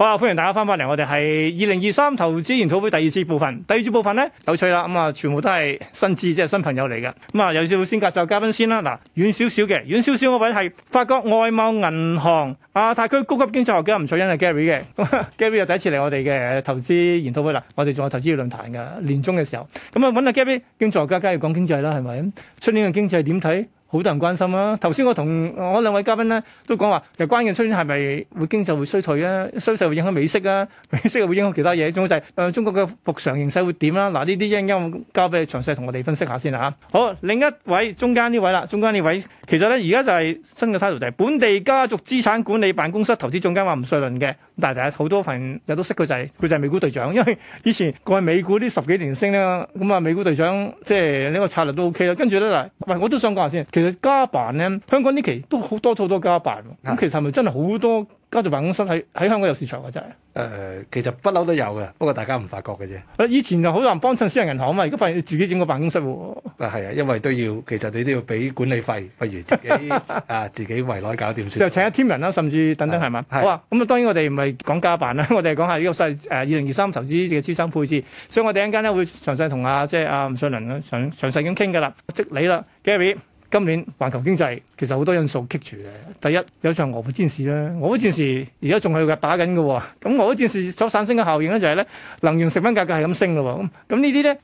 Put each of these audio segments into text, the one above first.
好啊！歡迎大家翻返嚟，我哋係二零二三投資研討會第二次部分。第二次部分咧，有趣啦，咁啊，全部都係新知，即係新朋友嚟嘅。咁啊，有少少先介紹嘉賓先啦。嗱，遠少少嘅，遠少少嗰位係法國外貿銀行啊，亞太區高級經濟學家吳卓殷係 Gary 嘅。 Gary 又第一次嚟我哋嘅投資研討會啦。我哋仲有投資論壇嘅年中嘅時候，咁啊，揾阿 Gary，經濟學家梗係講經濟啦，係咪？出年嘅經濟點睇？好多人關心啦、啊，頭先我同我兩位嘉賓咧都講話，其實關鍵出現係咪會經濟會衰退啊，衰退會影響美息啊，美息又會影響其他嘢，總之就係、是、誒、呃、中國嘅復常形勢會點啦、啊。嗱呢啲一陣間交俾你詳細同我哋分析下先啦、啊、嚇。好，另一位中間呢位啦，中間呢位，中間位其實咧而家就係新嘅態度就係本地家族資產管理辦公室投資總監話吳瑞麟嘅，但係大家好多朋友都識佢就係、是、佢就係美股隊長，因為以前過去美股呢十幾年升啦，咁啊美股隊長即係呢、這個策略都 O K 啦。跟住咧嗱，喂我都想講下先。其實家辦咧，香港呢期都好多好多家辦。咁、啊、其實係咪真係好多家族辦公室喺喺香港有市場嘅、啊？真誒、呃，其實不嬲都有嘅，不過大家唔發覺嘅啫。以前就好多人幫襯私人銀行啊嘛，而家發現自己整個辦公室喎。啊，係啊，啊，因為都要，其實你都要俾管理費，不如自己 啊自己圍內搞掂先。就請一 team 人啦，甚至等等係嘛好啊。咁、嗯、啊，當然我哋唔係講家辦啦， 我哋講下呢個世。誒二零二三投資嘅資產配置，所以我哋一陣間咧會詳細同阿即係阿吳信倫啊詳詳細咁傾嘅啦，即你啦，Gary。今年環球經濟其實好多因素棘住嘅。第一有一場俄烏戰事啦，俄烏戰事而家仲係打緊嘅。咁、嗯、俄烏戰事所產生嘅效應咧就係咧能源食品價格係咁升咯。咁、嗯、咁、嗯、呢啲咧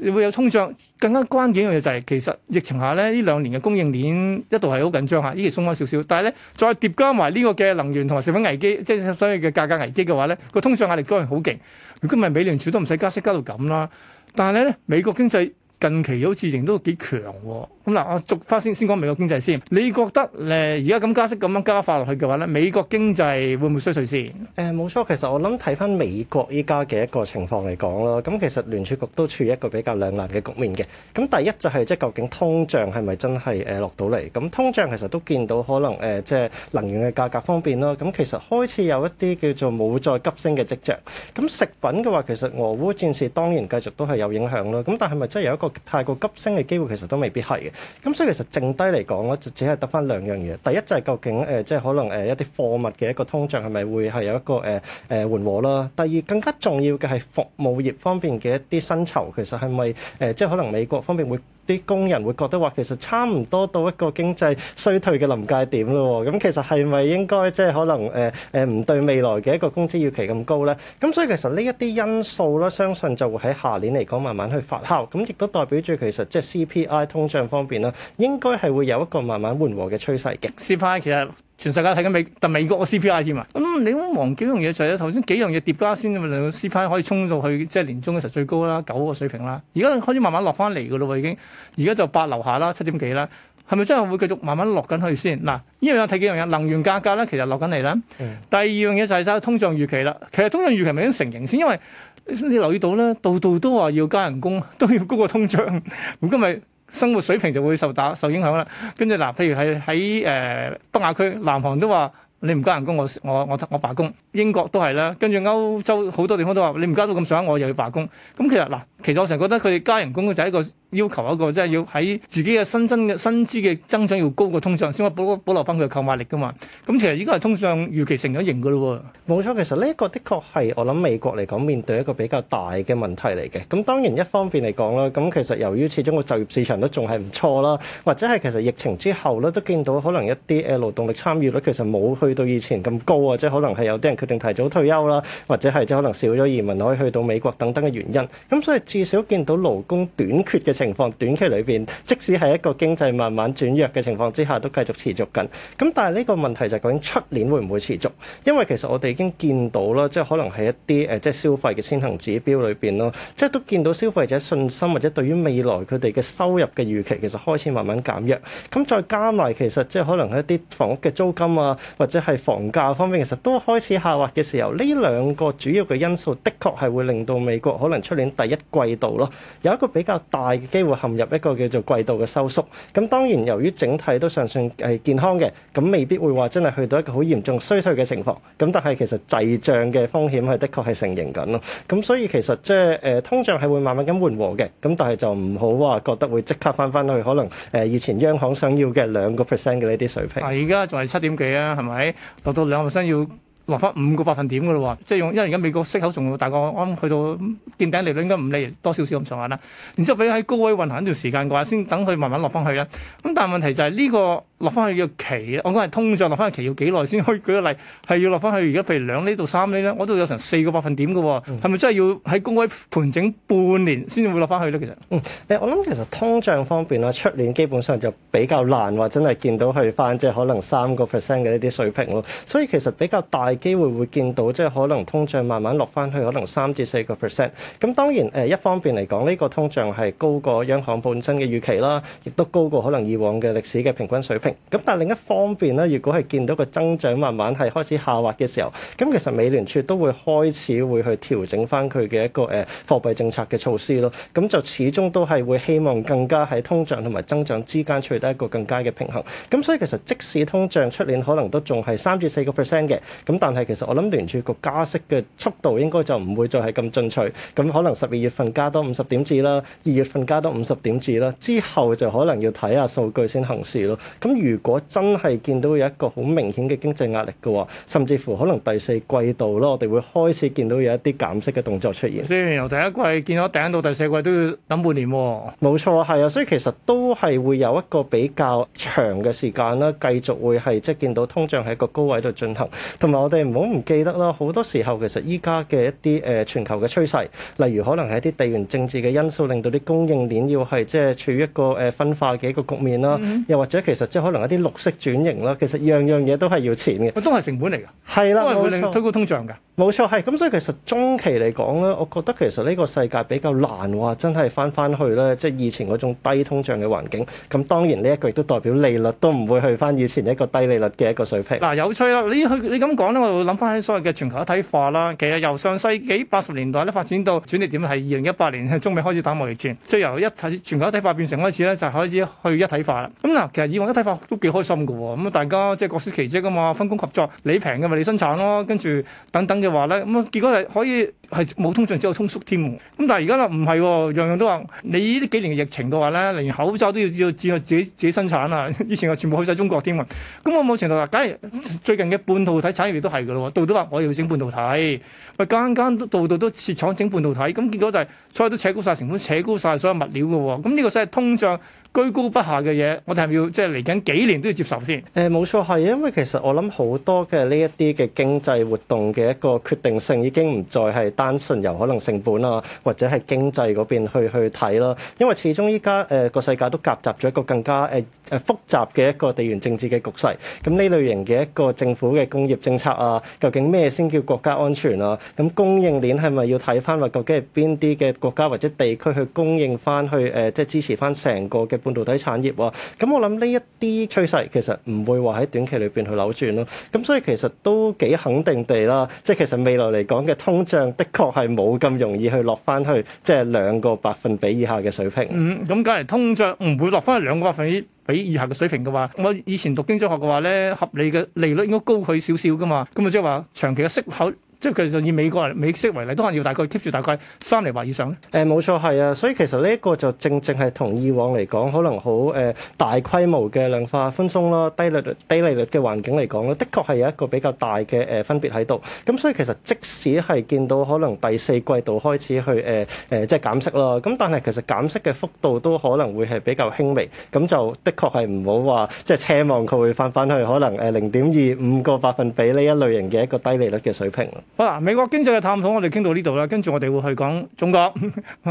就會有通脹。更加關鍵嘅嘢就係、是、其實疫情下咧呢兩年嘅供應鏈一度係好緊張嚇，依期鬆翻少少。但係咧再疊加埋呢個嘅能源同埋食品危機，即係所謂嘅價格危機嘅話咧，個通脹壓力當然好勁。如果唔係美聯儲都唔使加息加到咁啦。但係咧美國經濟。近期好似仍都幾強喎，咁嗱，我逐翻先先講美國經濟先。你覺得誒而家咁加息咁樣加法落去嘅話咧，美國經濟會唔會衰退先？誒冇錯，其實我諗睇翻美國依家嘅一個情況嚟講咯，咁其實聯儲局都處於一個比較兩難嘅局面嘅。咁第一就係即係究竟通脹係咪真係誒落到嚟？咁通脹其實都見到可能誒即係能源嘅價格方面咯。咁其實開始有一啲叫做冇再急升嘅跡象。咁食品嘅話，其實俄烏戰事當然繼續都係有影響咯。咁但係咪真係有一個？太過急升嘅機會其實都未必係嘅，咁所以其實剩低嚟講咧，就只係得翻兩樣嘢。第一就係究竟誒、呃，即係可能誒一啲貨物嘅一個通脹係咪會係有一個誒誒、呃呃、緩和啦？第二更加重要嘅係服務業方面嘅一啲薪酬，其實係咪誒即係可能美國方面會？啲工人會覺得話其實差唔多到一個經濟衰退嘅臨界點咯。咁其實係咪應該即係可能誒誒唔對未來嘅一個工資預期咁高咧？咁所以其實呢一啲因素咧，相信就會喺下年嚟講慢慢去發酵，咁亦都代表住其實即係 CPI 通脹方面啦，應該係會有一個慢慢緩和嘅趨勢嘅。CPI 其實。全世界睇緊美，但美國個 CPI 添、嗯、啊！咁你都忘記咗樣嘢就係咧，頭先幾樣嘢疊、就是、加先，咁令到 CPI 可以衝到去即係年中嗰時最高啦，九個水平啦。而家開始慢慢落翻嚟噶咯喎，已經。而家就八樓下啦，七點幾啦。係咪真係會繼續慢慢落緊去先？嗱，呢、這個、樣嘢睇幾樣嘢，能源價格咧其實落緊嚟啦。第二樣嘢就係咧通脹預期啦。其實通脹預期咪已經成形先，因為你留意到咧，度度都話要加人工，都要高過通脹，唔該咪。生活水平就會受打受影響啦，跟住嗱，譬如喺喺誒東亞區、南韓都話你唔加人工，我我我我罷工，英國都係啦，跟住歐洲好多地方都話你唔加到咁上下，我又要罷工，咁其實嗱，其實我成日覺得佢哋加人工就係一個。要求一個即係要喺自己嘅新增嘅薪資嘅增長要高過通脹先可以保保留翻佢嘅購買力㗎嘛？咁其實依家係通脹預期成咗形㗎咯。冇錯，其實呢一個的確係我諗美國嚟講面對一個比較大嘅問題嚟嘅。咁當然一方面嚟講啦，咁其實由於始終個就業市場都仲係唔錯啦，或者係其實疫情之後咧都見到可能一啲誒勞動力參與率其實冇去到以前咁高啊，即係可能係有啲人決定提早退休啦，或者係即可能少咗移民可以去到美國等等嘅原因。咁所以至少見到勞工短缺嘅。情況短期裏邊，即使係一個經濟慢慢轉弱嘅情況之下，都繼續持續緊，咁但係呢個問題就究竟出年會唔會持續？因為其實我哋已經見到啦，即係可能係一啲誒、呃、即係消費嘅先行指標裏邊咯，即係都見到消費者信心或者對於未來佢哋嘅收入嘅預期其實開始慢慢減弱。咁再加埋其實即係可能係一啲房屋嘅租金啊，或者係房價方面，其實都開始下滑嘅時候，呢兩個主要嘅因素，的確係會令到美國可能出年第一季度咯，有一個比較大。機會陷入一個叫做季度嘅收縮，咁當然由於整體都尚算係健康嘅，咁未必會話真係去到一個好嚴重衰退嘅情況，咁但係其實滯脹嘅風險係的確係成形緊咯，咁所以其實即係誒通脹係會慢慢咁緩和嘅，咁但係就唔好話覺得會即刻返返去可能誒、呃、以前央行想要嘅兩個 percent 嘅呢啲水平。而家仲係七點幾啊，係咪到到兩個 percent 要？落翻五個百分點嘅咯喎，即係用，因為而家美國息口仲大過，啱去到見頂利率應該五厘多少少咁上下啦。然之後比喺高位運行一段時間嘅話，先等佢慢慢落翻去啦。咁但係問題就係呢個落翻去嘅期，我講係通脹落翻去期要幾耐先可以？舉個例係要落翻去而家譬如兩厘到三厘咧，我都有成四個百分點嘅喎，係咪、嗯、真係要喺高位盤整半年先至會落翻去咧？其實嗯，誒我諗其實通脹方面啊，出年基本上就比較難話真係見到去翻，即係可能三個 percent 嘅呢啲水平咯。所以其實比較大。機會會見到即係可能通脹慢慢落翻去，可能三至四個 percent。咁當然誒，一方面嚟講呢個通脹係高過央行本身嘅預期啦，亦都高過可能以往嘅歷史嘅平均水平。咁但係另一方面咧，如果係見到個增長慢慢係開始下滑嘅時候，咁其實美聯儲都會開始會去調整翻佢嘅一個誒貨幣政策嘅措施咯。咁就始終都係會希望更加喺通脹同埋增長之間取得一個更加嘅平衡。咁所以其實即使通脹出年可能都仲係三至四個 percent 嘅，咁。但係其實我諗聯儲局加息嘅速度應該就唔會再係咁進取，咁可能十二月份加多五十點子啦，二月份加多五十點子啦，之後就可能要睇下數據先行事咯。咁如果真係見到有一個好明顯嘅經濟壓力嘅話，甚至乎可能第四季度咯，我哋會開始見到有一啲減息嘅動作出現。先由第一季見到第一到第四季都要等半年喎、哦。冇錯，係啊，所以其實都係會有一個比較長嘅時間啦，繼續會係即係見到通脹喺個高位度進行，同埋我。你哋唔好唔記得啦，好多時候其實依家嘅一啲誒全球嘅趨勢，例如可能係一啲地緣政治嘅因素，令到啲供應鏈要係即係處於一個誒分化嘅一個局面啦，嗯嗯，又或者其實即係可能一啲綠色轉型啦，其實樣樣嘢都係要錢嘅，都係成本嚟㗎，係啦的，可能會令推高通脹㗎，冇錯係咁，所以其實中期嚟講咧，我覺得其實呢個世界比較難話真係翻返去咧，即係以前嗰種低通脹嘅環境，咁當然呢一個亦都代表利率都唔會去翻以前一個低利率嘅一個水平。嗱、啊、有趣啦，你去你咁講啦。諗翻起所謂嘅全球一體化啦，其實由上世紀八十年代咧發展到轉捩點係二零一八年，中美開始打貿易戰，即係由一體全球一體化變成開始咧就開始去一體化啦。咁嗱，其實以往一體化都幾開心噶，咁啊大家即係各司其職啊嘛，分工合作，你平嘅咪你生產咯，跟住等等嘅話咧，咁啊結果係可以。係冇通脹只有通縮添喎，咁但係而家就唔係，樣樣都話你呢幾年嘅疫情嘅話咧，連口罩都要要自自自己生產啦，以前係全部去晒中國添喎，咁我冇程度話梗係最近嘅半導體產業都係㗎咯，到都話我要整半導體，咪間間度度都設廠整半導體，咁結果就係所有都扯高晒成本，扯高晒所有物料嘅喎，咁呢個先係通脹。居高不下嘅嘢，我哋係咪要即係嚟緊幾年都要接受先？誒冇錯，係因為其實我諗好多嘅呢一啲嘅經濟活動嘅一個決定性已經唔再係單純由可能成本啊，或者係經濟嗰邊去去睇啦。因為始終依家誒個世界都夾雜咗一個更加誒誒、呃、複雜嘅一個地緣政治嘅局勢，咁呢類型嘅一個政府嘅工業政策啊，究竟咩先叫國家安全啊？咁供應鏈係咪要睇翻話，究竟係邊啲嘅國家或者地區去供應翻去誒、呃、即係支持翻成個嘅？半導體產業喎，咁我諗呢一啲趨勢其實唔會話喺短期裏邊去扭轉咯，咁所以其實都幾肯定地啦，即係其實未來嚟講嘅通脹，的確係冇咁容易去落翻去即係、就是、兩個百分比以下嘅水平。嗯，咁梗係通脹唔會落翻去兩個百分比以下嘅水平嘅話，我以前讀經濟學嘅話咧，合理嘅利率應該高佢少少噶嘛，咁啊即係話長期嘅息口。即係佢就以美國美息為例，都係要大概 keep 住大概三釐或以上咧。誒冇、嗯、錯，係啊，所以其實呢一個就正正係同以往嚟講，可能好誒、呃、大規模嘅量化寬鬆啦、低率、低利率嘅環境嚟講咧，的確係有一個比較大嘅誒、呃、分別喺度。咁所以其實即使係見到可能第四季度開始去誒誒、呃呃、即係減息啦，咁但係其實減息嘅幅度都可能會係比較輕微，咁就的確係唔好話即係奢望佢會翻返去可能誒零點二五個百分比呢一類型嘅一個低利率嘅水平。好嗱，美國經濟嘅探討我哋傾到呢度啦，跟住我哋會去講中國，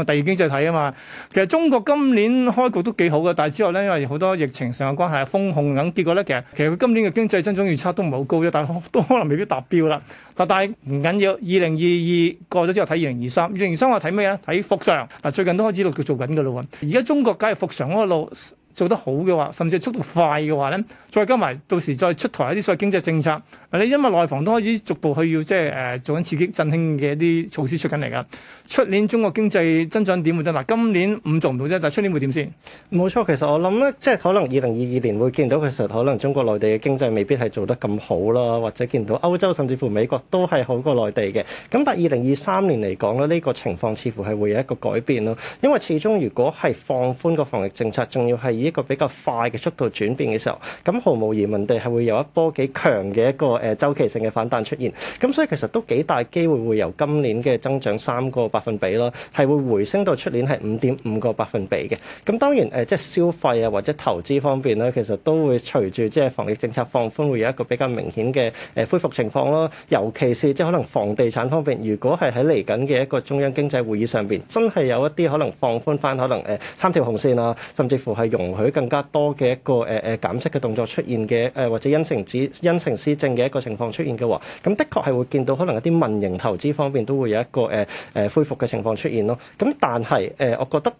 第二經濟體啊嘛。其實中國今年開局都幾好嘅，但係之後咧因為好多疫情上嘅關係封控等，結果咧其實其實佢今年嘅經濟增長預測都唔係好高啫，但係都可能未必達標啦。嗱，但係唔緊要，二零二二過咗之後睇二零二三，二零二三我睇咩啊？睇復常。嗱，最近都開始陸續做緊嘅啦喎。而家中國梗係復常嗰路。做得好嘅話，甚至速度快嘅話咧，再加埋到時再出台一啲所謂經濟政策，你因為內房都開始逐步去要即係誒做緊刺激振興嘅一啲措施出緊嚟噶。出年中國經濟增長點會得？嗱，今年五做唔到啫，但係出年會點先？冇錯，其實我諗咧，即係可能二零二二年會見到其實，可能中國內地嘅經濟未必係做得咁好啦，或者見到歐洲甚至乎美國都係好過內地嘅。咁但係二零二三年嚟講咧，呢個情況似乎係會有一個改變咯，因為始終如果係放寬個防疫政策，仲要係，一個比較快嘅速度轉變嘅時候，咁毫無疑問地係會有一波幾強嘅一個誒周期性嘅反彈出現，咁所以其實都幾大機會會由今年嘅增長三個百分比咯，係會回升到出年係五點五個百分比嘅。咁當然誒即係消費啊或者投資方面咧，其實都會隨住即係防疫政策放寬會有一個比較明顯嘅誒恢復情況咯。尤其是即係可能房地產方面，如果係喺嚟緊嘅一個中央經濟會議上邊真係有一啲可能放寬翻可能誒三條紅線啦、啊，甚至乎係融。許更加多嘅一個誒誒、呃、減息嘅動作出現嘅誒、呃、或者因城施因城施政嘅一個情況出現嘅話，咁的確係會見到可能一啲民營投資方面都會有一個誒誒、呃、恢復嘅情況出現咯。咁但係誒、呃、我覺得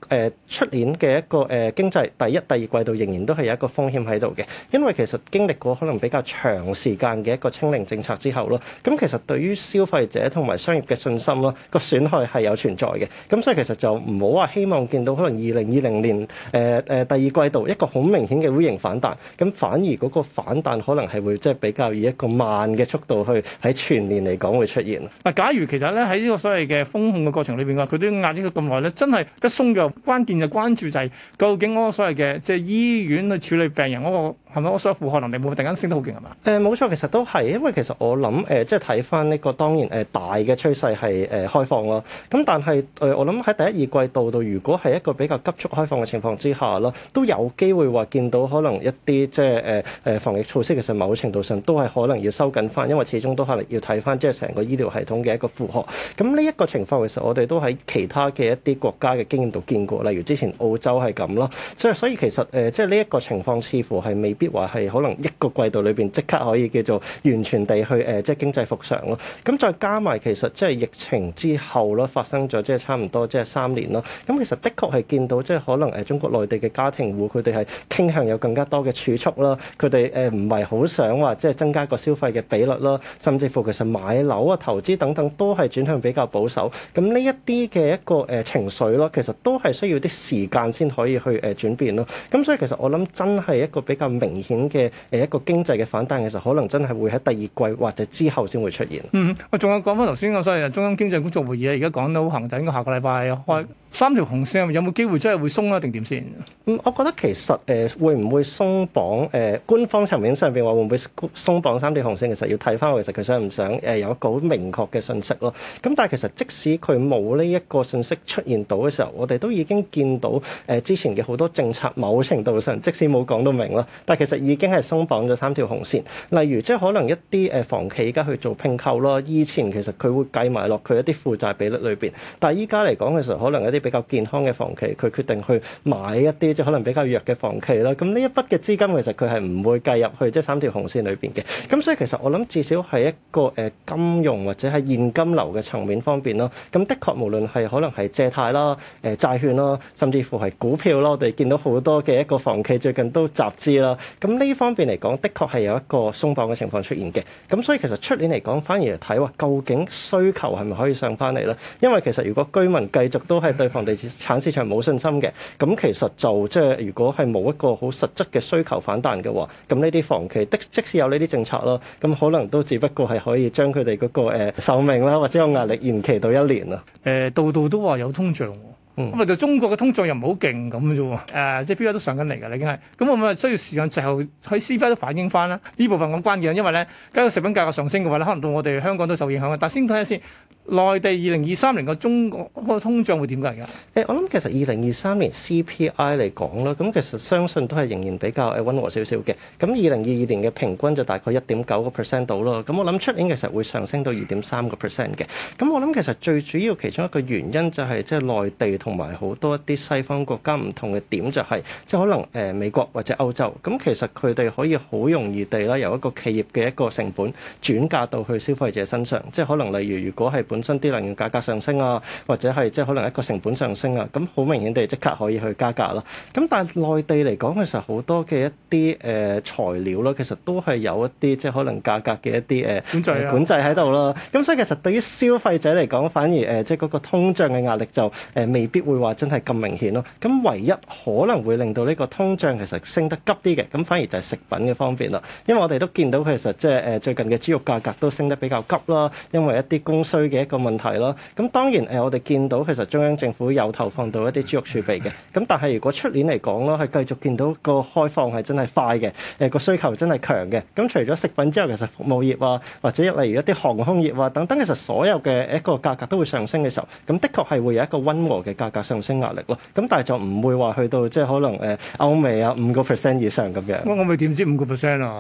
誒出、呃、年嘅一個誒經濟第一、第二季度仍然都係有一個風險喺度嘅，因為其實經歷過可能比較長時間嘅一個清零政策之後咯，咁、嗯、其實對於消費者同埋商業嘅信心咯，個損害係有存在嘅。咁所以其實就唔好話希望見到可能二零二零年誒誒、呃呃、第二季。季度一個好明顯嘅 U 形反彈，咁反而嗰個反彈可能係會即係比較以一個慢嘅速度去喺全年嚟講會出現。唔假如其實咧喺呢個所謂嘅風控嘅過程裏邊啊，佢都壓咗咁耐咧，真係一鬆，就關鍵就關注就係究竟嗰個所謂嘅即係醫院去處理病人嗰、那個係咪我所負荷能力會唔會突然間升得好勁係嘛？誒，冇、呃、錯，其實都係，因為其實我諗誒、呃，即係睇翻呢個當然誒大嘅趨勢係誒開放啦。咁、呃、但係誒、呃、我諗喺第一二季度到，如果係一個比較急速開放嘅情況之下啦，都。有機會話見到可能一啲即係誒誒防疫措施，其實某程度上都係可能要收緊翻，因為始終都可能要睇翻即係成個醫療系統嘅一個負荷。咁呢一個情況其實我哋都喺其他嘅一啲國家嘅經驗度見過，例如之前澳洲係咁咯，所以所以其實誒即係呢一個情況似乎係未必話係可能一個季度裏邊即刻可以叫做完全地去誒即係經濟復常咯。咁再加埋其實即係疫情之後咯，發生咗即係差唔多即係三年咯。咁其實的確係見到即係可能誒中國內地嘅家庭。佢哋係傾向有更加多嘅儲蓄啦，佢哋誒唔係好想話即係增加個消費嘅比率啦，甚至乎其實買樓啊、投資等等都係轉向比較保守。咁呢一啲嘅一個誒情緒咯，其實都係需要啲時間先可以去誒轉變咯。咁所以其實我諗真係一個比較明顯嘅誒一個經濟嘅反彈嘅時候，可能真係會喺第二季或者之後先會出現。嗯，我仲有講翻頭先，個所謂中央經濟工作會議啊，而家講得好行，就應該下個禮拜開、嗯、三條紅線，有冇機會真係會鬆啊？定點先？嗯，我覺得。其實誒會唔會鬆綁誒，官方層面上邊話會唔會鬆綁三條紅線？其實要睇返，其實佢想唔想誒有一個好明確嘅信息咯。咁但係其實即使佢冇呢一個信息出現到嘅時候，我哋都已經見到誒、呃、之前嘅好多政策，某程度上即使冇講到明咯，但係其實已經係鬆綁咗三條紅線。例如即係可能一啲誒房企而家去做拼購咯，以前其實佢會計埋落佢一啲負債比率裏邊，但係依家嚟講嘅時候，可能一啲比較健康嘅房企，佢決定去買一啲即係可能比較。弱嘅房企啦，咁呢一筆嘅資金其實，佢係唔會計入去即係三條紅線裏邊嘅，咁所以其實我諗至少係一個誒、呃、金融或者係現金流嘅層面方面咯，咁的確無論係可能係借貸啦、誒、呃、債券啦，甚至乎係股票啦，我哋見到好多嘅一個房企最近都集資啦，咁呢方面嚟講的確係有一個鬆綁嘅情況出現嘅，咁所以其實出年嚟講反而睇喎究竟需求係咪可以上翻嚟咧？因為其實如果居民繼續都係對房地產市場冇信心嘅，咁其實就即係。如果係冇一個好實質嘅需求反彈嘅話，咁呢啲房企的即使有呢啲政策咯，咁可能都只不過係可以將佢哋嗰個誒、欸、壽命啦，或者個壓力延期到一年啊。誒、欸，度度都話有通脹、哦，咁咪就中國嘅通脹又唔係好勁咁啫喎。即係邊個都上緊嚟㗎，已經係。咁我咪需要時間之後喺試翻都反映翻啦。呢部分咁關鍵，因為咧，而家食品價格上升嘅話咧，可能到我哋香港都受影響。但先睇下先。內地二零二三年個中國個通脹會點解㗎？誒，我諗其實二零二三年 CPI 嚟講咧，咁其實相信都係仍然比較溫和少少嘅。咁二零二二年嘅平均就大概一點九個 percent 到咯。咁我諗出年其實會上升到二點三個 percent 嘅。咁我諗其實最主要其中一個原因就係即係內地同埋好多一啲西方國家唔同嘅點、就是，就係即係可能誒、呃、美國或者歐洲咁，其實佢哋可以好容易地咧由一個企業嘅一個成本轉嫁到去消費者身上，即、就、係、是、可能例如如果係本身啲能源價格上升啊，或者係即係可能一個成本上升啊，咁好明顯地即刻可以去加價啦。咁但係內地嚟講，其實好多嘅一啲誒、呃、材料咯，其實都係有一啲即係可能價格嘅一啲誒、呃、管制喺度啦。咁所以其實對於消費者嚟講，反而誒、呃、即係嗰個通脹嘅壓力就誒、呃、未必會話真係咁明顯咯。咁唯一可能會令到呢個通脹其實升得急啲嘅，咁反而就係食品嘅方面啦。因為我哋都見到其實即係誒最近嘅豬肉價格都升得比較急啦，因為一啲供需嘅。一個問題咯，咁當然誒，我哋見到其實中央政府有投放到一啲豬肉儲備嘅，咁但係如果出年嚟講咯，係繼續見到個開放係真係快嘅，誒個需求真係強嘅，咁除咗食品之後，其實服務業啊，或者例如一啲航空業啊等等，其實所有嘅一個價格都會上升嘅時候，咁的確係會有一個溫和嘅價格上升壓力咯，咁但係就唔會話去到即係可能誒歐美啊五個 percent 以上咁樣，我咪點知五個 percent 啊？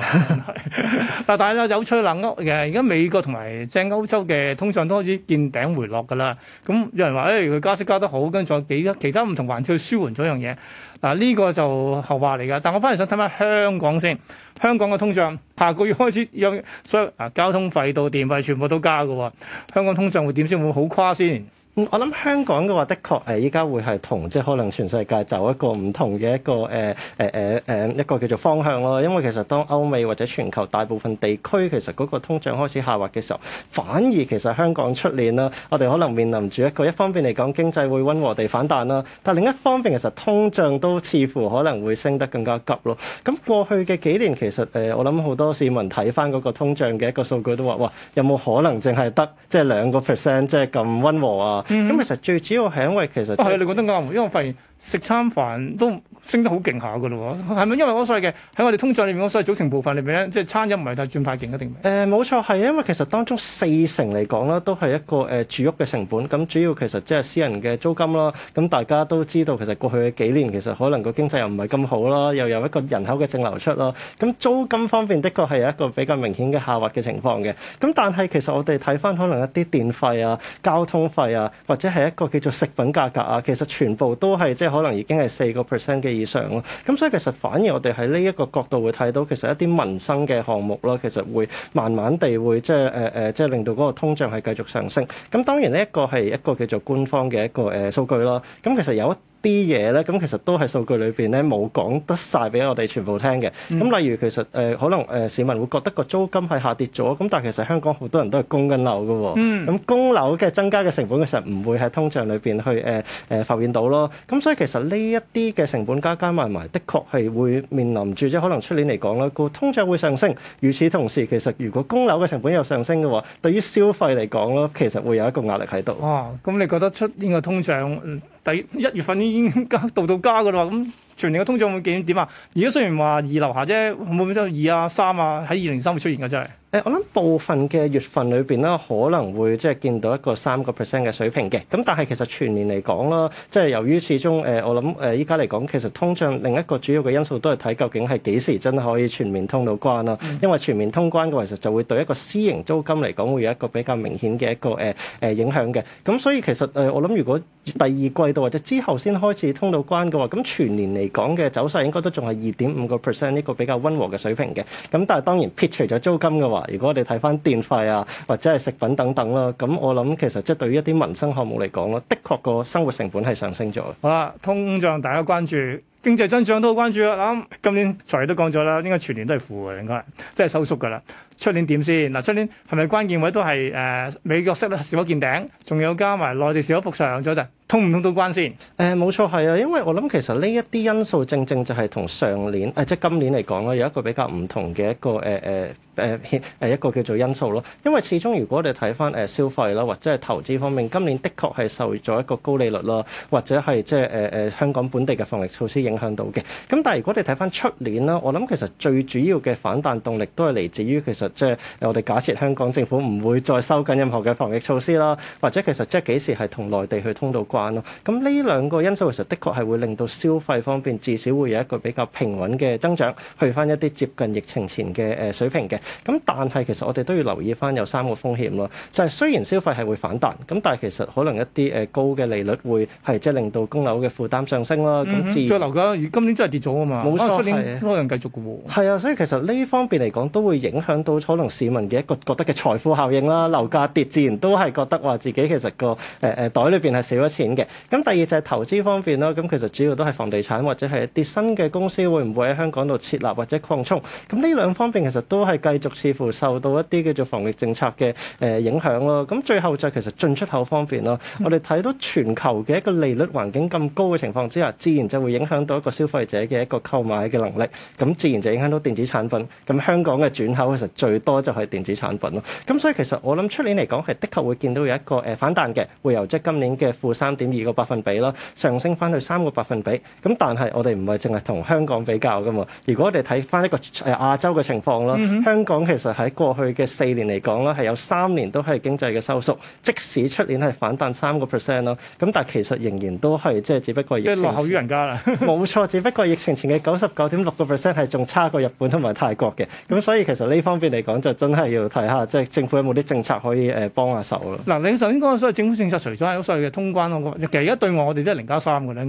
但係有有趣嘅，而家美國同埋即係歐洲嘅通脹都開始。見頂回落噶啦，咁、嗯、有人話誒，佢、欸、加息加得好，跟住再幾其他唔同環境去舒緩咗樣嘢，嗱、啊、呢、這個就後話嚟噶但我返嚟想睇返香港先，香港嘅通脹下個月開始有，所有交通費到電費全部都加噶香港通脹會點先會好跨先？嗯，我諗香港嘅話，的確誒依家會係同即係可能全世界就一個唔同嘅一個誒誒誒誒一個叫做方向咯。因為其實當歐美或者全球大部分地區其實嗰個通脹開始下滑嘅時候，反而其實香港出年啦，我哋可能面臨住一個一方面嚟講經濟會溫和地反彈啦，但另一方面其實通脹都似乎可能會升得更加急咯。咁過去嘅幾年其實誒、呃、我諗好多市民睇翻嗰個通脹嘅一個數據都話：哇，有冇可能淨係得即係兩個 percent 即係咁溫和啊？咁、嗯、其實最主要係因為，其實係、啊、你覺得啱唔啱？因為我發現。食餐飯都升得好勁下㗎咯喎，係咪因為我所謂嘅喺我哋通脹裏面我所謂組成部分裏邊咧，即係餐飲唔係太係轉快勁啊定？誒冇錯，係因為其實當中四成嚟講啦，都係一個誒住屋嘅成本。咁主要其實即係私人嘅租金啦。咁大家都知道，其實過去嘅幾年其實可能個經濟又唔係咁好啦，又有一個人口嘅淨流出啦。咁租金方面，的確係一個比較明顯嘅下滑嘅情況嘅。咁但係其實我哋睇翻可能一啲電費啊、交通費啊，或者係一個叫做食品價格啊，其實全部都係即係。可能已經係四個 percent 嘅以上咯，咁所以其實反而我哋喺呢一個角度會睇到，其實一啲民生嘅項目咯，其實會慢慢地會即係誒誒，即係令到嗰個通脹係繼續上升。咁當然呢一個係一個叫做官方嘅一個誒數據咯。咁其實有一啲嘢咧，咁其實都係數據裏邊咧冇講得晒俾我哋全部聽嘅。咁、嗯、例如其實誒，可能誒市民會覺得個租金係下跌咗，咁但係其實香港好多人都係供緊樓嘅。咁供樓嘅、嗯、增加嘅成本其實唔會喺通脹裏邊去誒誒發現到咯。咁所以其實呢一啲嘅成本加加埋埋，的確係會面臨住即係可能出年嚟講咧，個通脹會上升。與此同時，其實如果供樓嘅成本又上升嘅話，對於消費嚟講咧，其實會有一個壓力喺度。哇、哦！咁你覺得出年嘅通脹第一、嗯、月份 已經度度加到到加噶啦，咁全年嘅通漲會幾點點啊？而家雖然話二樓下啫，會唔會真二啊三啊？喺二零三會出現噶真係。誒，我諗部分嘅月份裏邊咧，可能會即係見到一個三個 percent 嘅水平嘅。咁但係其實全年嚟講啦，即係由於始終誒，我諗誒依家嚟講，其實通脹另一個主要嘅因素都係睇究竟係幾時真係可以全面通到關啦。因為全面通關嘅話，其實就會對一個私營租金嚟講會有一個比較明顯嘅一個誒誒影響嘅。咁所以其實誒，我諗如果第二季度或者之後先開始通到關嘅話，咁全年嚟講嘅走勢應該都仲係二點五個 percent 一個比較溫和嘅水平嘅。咁但係當然撇除咗租金嘅話。如果我哋睇翻電費啊，或者係食品等等啦、啊，咁、嗯、我諗其實即係對於一啲民生項目嚟講咯，的確個生活成本係上升咗。好啊，通脹大家關注。經濟增長都好關注啊！嗱，今年財爺都講咗啦，應該全年都係負嘅，應該都係收縮㗎啦。出年點先？嗱，出年係咪關鍵位都係誒、呃、美國息率是否見頂？仲有加埋內地是否復上咗陣？通唔通到關先？誒、嗯，冇錯係啊，因為我諗其實呢一啲因素正正正就係同上年誒，即係今年嚟講咧，有一個比較唔同嘅一個誒誒誒誒一個叫做因素咯。因為始終如果你睇翻誒消費啦，或者係投資方面，今年的確係受咗一個高利率啦，或者係即係誒誒香港本地嘅防疫措施影響到嘅，咁但係如果你睇翻出年啦，我諗其實最主要嘅反彈動力都係嚟自於其實即係我哋假設香港政府唔會再收緊任何嘅防疫措施啦，或者其實即係幾時係同內地去通到關咯。咁呢兩個因素其實的確係會令到消費方面至少會有一個比較平穩嘅增長，去翻一啲接近疫情前嘅誒水平嘅。咁但係其實我哋都要留意翻有三個風險咯，就係、是、雖然消費係會反彈，咁但係其實可能一啲誒高嘅利率會係即係令到供樓嘅負擔上升啦。嗯哼，再啊、今年真係跌咗啊嘛，冇錯，出、啊、年可能係繼續嘅喎。係啊，所以其實呢方面嚟講，都會影響到可能市民嘅一個覺得嘅財富效應啦。樓價跌，自然都係覺得話自己其實個誒誒、呃、袋裏邊係少咗錢嘅。咁第二就係投資方面啦。咁其實主要都係房地產或者係一啲新嘅公司會唔會喺香港度設立或者擴充？咁呢兩方面其實都係繼續似乎受到一啲叫做防疫政策嘅誒、呃、影響咯。咁最後就係其實進出口方面啦。我哋睇到全球嘅一個利率環境咁高嘅情況之下，自然就會影響到。一個消費者嘅一個購買嘅能力，咁自然就影響到電子產品。咁香港嘅轉口其實最多就係電子產品咯。咁所以其實我諗出年嚟講係的確會見到有一個誒反彈嘅，會由即係今年嘅負三點二個百分比啦，上升翻去三個百分比。咁但係我哋唔係淨係同香港比較㗎嘛。如果我哋睇翻一個亞洲嘅情況咯，嗯嗯，香港其實喺過去嘅四年嚟講咧，係有三年都係經濟嘅收縮。即使出年係反彈三個 percent 咯，咁但係其實仍然都係即係只不過而落後於人家啦。冇。 冇錯，只不過疫情前嘅九十九點六個 percent 係仲差過日本同埋泰國嘅，咁所以其實呢方面嚟講就真係要睇下，即係政府有冇啲政策可以誒幫下手咯。嗱，你頭先講所有政府政策，除咗係所謂嘅通關咯，其實而家對外我哋都係零加三嘅啦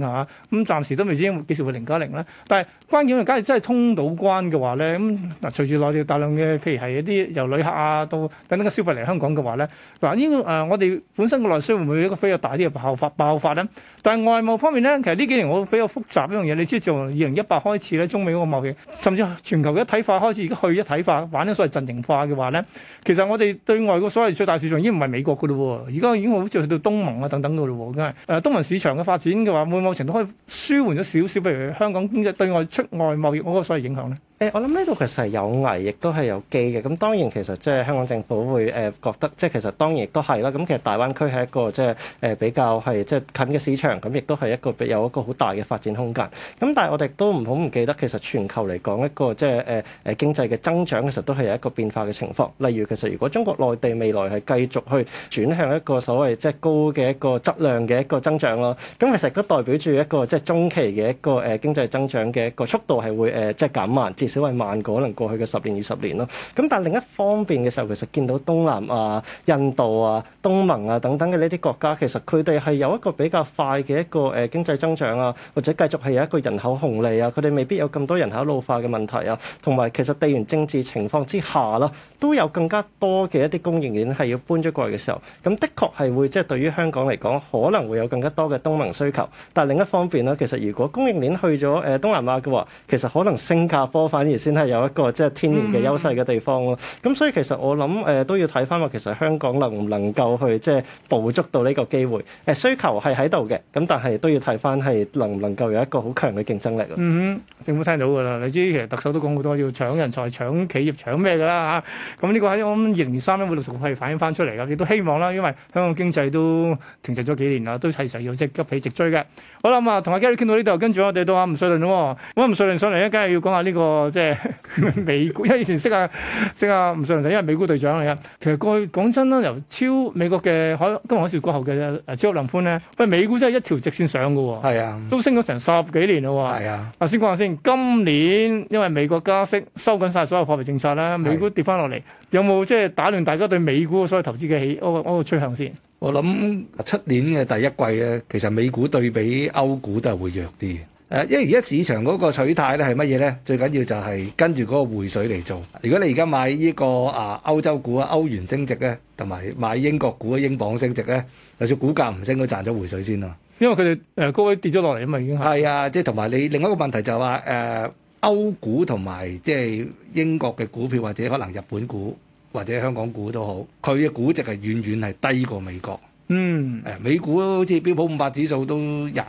嚇，咁暫時都未知幾時會零加零咧。但係關鍵，假如真係通到關嘅話咧，咁嗱，隨住內地大量嘅，譬如係一啲由旅客啊到等等嘅消費嚟香港嘅話咧，嗱呢個誒，我哋本身嘅內需會唔會一個比較大啲嘅爆發爆發咧？但係外貿方面咧，其實呢幾年我比較複雜一樣嘢。你知從二零一八開始咧，中美嗰個貿易，甚至全球一體化開始，而家去一體化，玩咗所謂陣營化嘅話咧，其實我哋對外個所謂最大市場已經唔係美國噶嘞喎，而家已經好似去到東盟啊等等噶嘞喎，咁係誒東盟市場嘅發展嘅話，會某程度可以舒緩咗少少，譬如香港經濟對外出外貿易嗰個所謂影響咧。誒，我諗呢度其實係有危，亦都係有機嘅。咁當然其實即係香港政府會誒覺得，即係其實當然亦都係啦。咁其實大灣區係一個即係誒比較係即係近嘅市場，咁亦都係一個有有一個好大嘅發展空間。咁但係我哋都唔好唔記得，其實全球嚟講一個即係誒誒經濟嘅增長其實都係有一個變化嘅情況。例如其實如果中國內地未來係繼續去轉向一個所謂即係高嘅一個質量嘅一個增長咯，咁其實亦都代表住一個即係中期嘅一個誒經濟增長嘅一個速度係會誒即係減慢。至少係慢過可能過去嘅十年、二十年咯。咁但係另一方面嘅時候，其實見到東南亞、印度啊、東盟啊等等嘅呢啲國家，其實佢哋係有一個比較快嘅一個誒經濟增長啊，或者繼續係有一個人口紅利啊。佢哋未必有咁多人口老化嘅問題啊。同埋其實地緣政治情況之下啦，都有更加多嘅一啲供應鏈係要搬咗過嚟嘅時候，咁的確係會即係、就是、對於香港嚟講，可能會有更加多嘅東盟需求。但係另一方面啦，其實如果供應鏈去咗誒東南亞嘅話，其實可能新加坡。反而先係有一個即係天然嘅優勢嘅地方咯。咁、嗯、所以其實我諗誒都要睇翻話，其實香港、no. 能唔能夠去即係捕捉到呢個機會？誒需求係喺度嘅，咁但係都要睇翻係能唔能夠有一個好強嘅競爭力。嗯，政府聽到㗎啦。你知其實特首都講好多，要搶人才、搶企業、搶咩㗎啦嚇。咁呢個喺我諗二零二三咧，會陸續係反映翻出嚟㗎。亦都希望啦，因為香港經濟都停滯咗幾年啦，都係就要即急起直追嘅。好啦，咁啊同阿 Gary 傾到呢度，跟住我哋到阿吳瑞麟啦。咁阿吳瑞麟上嚟咧，梗係要講下呢個。即係美股， 因為以前識啊識啊吳尚林就因為美股隊長嚟嘅。其實過去講真啦，由超美國嘅海金融海嘯過後嘅啊張林歡咧，喂美股真係一條直線上嘅喎，係啊，都升咗成十幾年啦喎，係啊。先講下先，今年因為美國加息，收緊晒所有貨幣政策啦，美股跌翻落嚟，啊、有冇即係打亂大家對美股所有投資嘅起嗰個嗰個趨向先？我諗出年嘅第一季咧，其實美股對比歐股都係會弱啲。誒，因為而家市場嗰個取態咧係乜嘢咧？最緊要就係跟住嗰個匯水嚟做。如果你而家買呢個啊歐洲股，啊歐元升值咧，同埋買英國股，啊英鎊升值咧，就算股價唔升都賺咗匯水先啦。因為佢哋誒高位跌咗落嚟啊嘛，已經係啊，即係同埋你另外一個問題就係話誒歐股同埋即係英國嘅股票或者可能日本股或者香港股都好，佢嘅估值係遠遠係低過美國。嗯，誒，美股好似標普五百指數都廿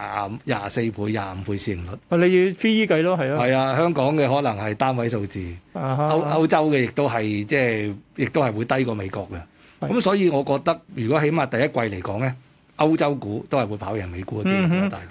廿四倍、廿五倍市盈率。啊，你要 PE 計咯，係咯、啊，係啊。香港嘅可能係單位數字，啊、哈歐歐洲嘅亦、就是、都係即係，亦都係會低過美國嘅。咁是所以我覺得，如果起碼第一季嚟講咧。歐洲股都係會跑贏美股比較一啲，大啲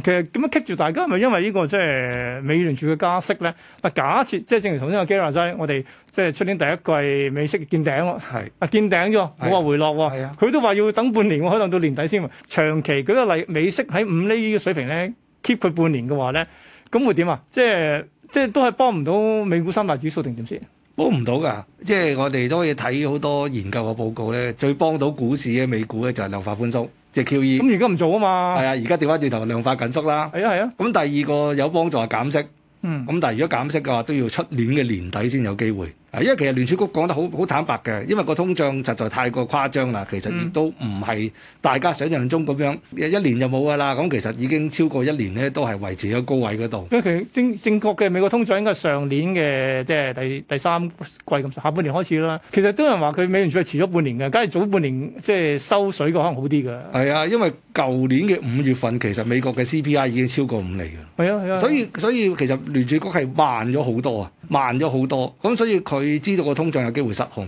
嗱。其實咁樣棘住大家，係咪因為呢、呢個即係、即係、美聯儲嘅加息咧？嗱，假設即係正如頭先阿 Gary 我哋即係出年第一季美息見頂咯，係頂啊，見頂咗，冇話回落喎。佢都話要等半年，可能到年底先。長期舉個例，美息喺五厘呢個水平咧，keep 佢半年嘅話咧，咁會點啊？即係即係都係幫唔到美股三大指數定點先。幫唔到噶，即係我哋都可以睇好多研究嘅報告咧。最幫到股市嘅美股咧，就係量化寬鬆，即係 QE。咁而家唔做啊嘛。係啊，而家掉翻轉頭量化緊縮啦。係啊，係啊。咁第二個有幫助係減息。嗯。咁但係如果減息嘅話，都要出年嘅年底先有機會。啊，因為其實聯儲局講得好好坦白嘅，因為個通脹實在太過誇張啦，其實亦都唔係大家想像中咁樣，一年就冇㗎啦。咁其實已經超過一年咧，都係維持咗高位嗰度。因為其正正確嘅美國通脹應該係上年嘅即係第第三季咁下半年開始啦。其實都有人話佢美聯儲係遲咗半年嘅，梗係早半年即係收水嘅，可能好啲嘅。係啊，因為舊年嘅五月份其實美國嘅 CPI 已經超過五厘㗎。係啊係啊。啊啊，所以所以其實聯儲局係慢咗好多啊，慢咗好多。咁、嗯、所以佢知道個通脹有機會失控，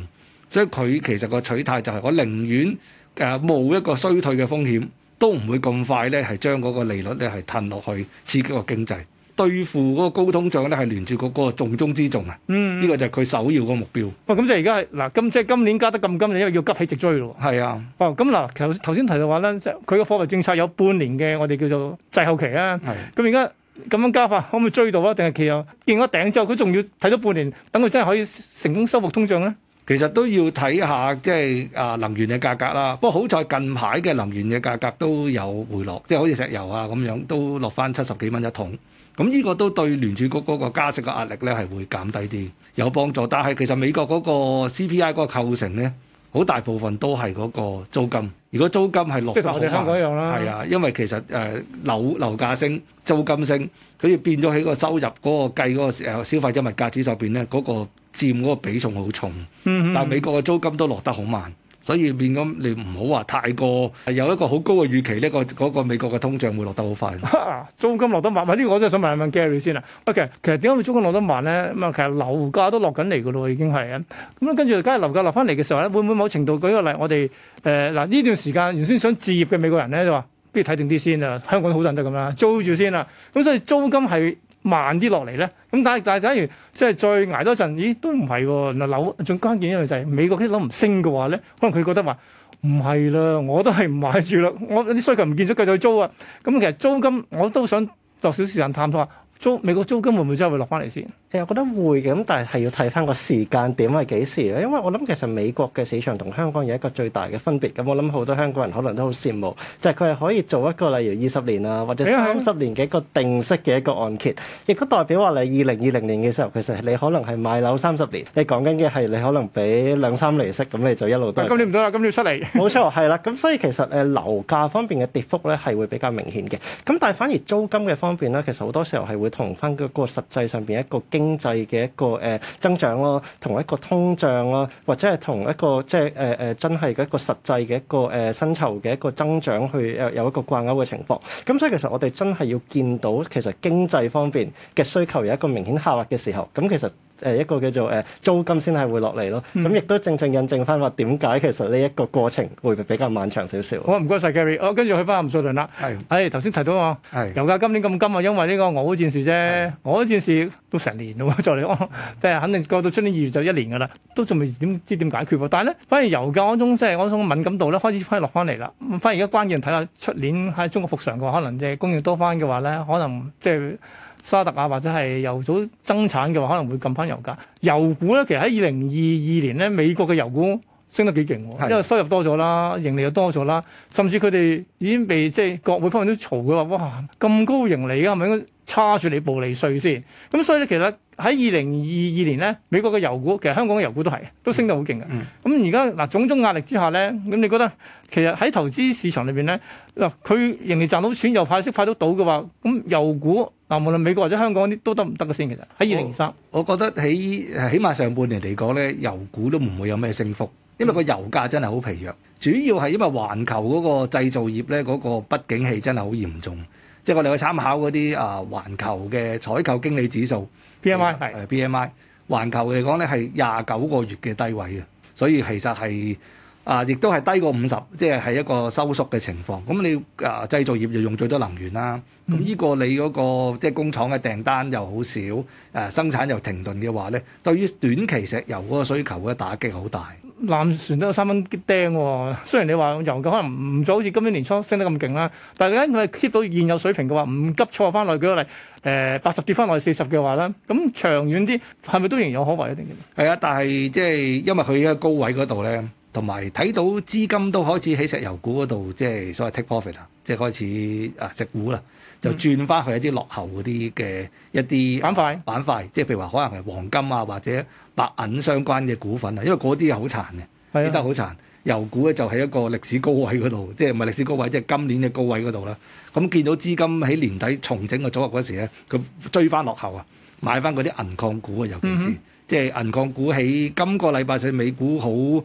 所以佢其實個取態就係我寧願誒冒一個衰退嘅風險，都唔會咁快咧係將嗰個利率咧係褪落去刺激個經濟，對付嗰個高通脹咧係連住嗰個重中之重啊、嗯嗯哦！嗯，呢個就係佢首要個目標。哦，咁即係而家係嗱，今即係今年加得咁急，就因為要急起直追咯。係啊哦。哦，咁嗱，頭頭先提到話咧，佢個貨幣政策有半年嘅我哋叫做滯後期啊。係的。咁而家。咁樣加法可唔可以追到啊？定係其實見咗頂之後，佢仲要睇咗半年，等佢真係可以成功收復通脹咧？其實都要睇下即係啊能源嘅價格啦。不過好在近排嘅能源嘅價格都有回落，即係好似石油啊咁樣都落翻七十幾蚊一桶。咁呢個都對聯儲局嗰個加息嘅壓力咧係會減低啲，有幫助。但係其實美國嗰個 CPI 嗰個構成咧。好大部分都係嗰個租金，如果租金係落得，即係我哋講嗰樣啦。係啊，因為其實誒、呃、樓樓價升，租金升，佢變咗喺個收入嗰、嗰個計嗰個消費者物價指數邊咧嗰個佔嗰個比重好重。嗯嗯，但係美國嘅租金都落得好慢，所以變咁，你唔好話太過係有一個好高嘅預期呢、嗰個嗰美國嘅通脹會落得好快、啊。租金落得慢，呢、呢個我都想問一問 Gary 先啦。OK，其實點解會租金落得慢咧？咁啊，其實樓價都落緊嚟嘅咯，已經係啊。咁跟住，假如樓價落翻嚟嘅時候咧，會唔會某程度舉一個例，我哋誒嗱呢段時間原先想置業嘅美國人咧就話，不如睇定啲先啊，香港好震得咁啦，租住先啦。咁所以租金係，慢啲落嚟咧，咁但係但係假如即係再捱多陣，咦都唔係喎。嗱樓，最關鍵一樣就係美國啲樓唔升嘅話咧，可能佢覺得話唔係啦，我都係唔買住啦。我啲需求唔見咗，繼續租啊。咁其實租金我都想落少時間探討下。租美國租金會唔會之後會落翻嚟先？我又覺得會嘅，咁但係係要睇翻個時間點係幾時咧。因為我諗其實美國嘅市場同香港有一個最大嘅分別。咁、嗯、我諗好多香港人可能都好羨慕，就係佢係可以做一個例如二十年啊，或者三十年嘅一個定息嘅一個按揭，亦、啊啊、都代表話你二零二零年嘅時候，其實你可能係買樓三十年，你講緊嘅係你可能俾兩三厘息，咁你就一路都。咁你唔得啦，咁你出嚟。冇 錯，係啦。咁所以其實誒樓價方面嘅跌幅咧係會比較明顯嘅。咁但係反而租金嘅方面咧，其實好多時候係會。同翻個個實際上邊一個經濟嘅一個誒增長咯，同一個通脹咯，或者係同一個即係誒誒真係一個實際嘅一個誒薪酬嘅一個增長去誒有一個掛鈎嘅情況，咁所以其實我哋真係要見到其實經濟方面嘅需求有一個明顯下滑嘅時候，咁其實。誒一個叫做誒租金先係會落嚟咯，咁亦、嗯、都正正印證翻話點解其實呢一個過程會比較漫長少少。好，唔該晒 Gary，、嗯、我跟住去翻阿吳瑞麟啦。係是的、哎，誒頭先提到啊，是的 油價今年咁金啊，因為呢個俄烏戰事啫，俄烏是的 戰事都成年嘞喎，再嚟講，即係肯定過到出年二月就一年噶啦，都仲未點知點解決喎。 但係咧，反而油價嗰種即係嗰種敏感度咧，開始開始落翻嚟啦。反而而家關鍵睇下出年喺中國復常嘅話，可能，即係供應多翻嘅話咧，可能、就是、即係。即即沙特啊，或者係油組增產嘅話，可能會撳翻油價。油股咧，其實喺二零二二年咧，美國嘅油股升得幾勁，的因為收入多咗啦，盈利又多咗啦，甚至佢哋已經被即係國會方面都嘈佢話：哇，咁高盈利㗎、啊，係咪應該叉住你暴利稅先？咁所以咧，其實。喺二零二二年咧，美國嘅油股其實香港嘅油股都係，都升得好勁嘅。咁而家嗱，種種壓力之下咧，咁你覺得其實喺投資市場裏邊咧，嗱佢仍然賺到錢又派息派得到嘅話，咁油股嗱無論美國或者香港嗰啲都得唔得嘅先？其實喺二零二三，我覺得喺誒起碼上半年嚟講咧，油股都唔會有咩升幅，因為個油價真係好疲弱。嗯、主要係因為環球嗰個製造業咧嗰個不景氣真係好嚴重，即係我哋去參考嗰啲啊環球嘅採購經理指數。P M I 係誒 B M I，環球嚟講咧係廿九個月嘅低位啊，所以其實係啊，亦都係低過五十，即係係一個收縮嘅情況。咁你啊製造業就用最多能源啦，咁呢個你嗰、那個即係、就是、工廠嘅訂單又好少，誒、啊、生產又停頓嘅話咧，對於短期石油嗰個需求嘅打擊好大。藍船都有三蚊跌釘喎、哦，雖然你話油股可能唔再好似今年年初升得咁勁啦，但係佢係 keep 到現有水平嘅話，唔急錯翻落去。舉個例，誒八十跌翻落去四十嘅話啦，咁長遠啲係咪都仍有可為？一定係啊，但係即係因為佢而家高位嗰度咧，同埋睇到資金都開始喺石油股嗰度，即係所謂 take profit 啊，即係開始啊沽股啦。就轉翻去一啲落後嗰啲嘅一啲板塊，板塊，板塊即係譬如話可能係黃金啊，或者白銀相關嘅股份啊，因為嗰啲係好殘嘅，跌的得好殘。油股咧就喺一個歷史高位嗰度，即係唔係歷史高位，即係今年嘅高位嗰度啦。咁、嗯、見到資金喺年底重整嘅組合嗰時咧，佢追翻落後啊，買翻嗰啲銀礦股啊，尤其是、嗯、哼即係銀礦股喺今個禮拜上美股好。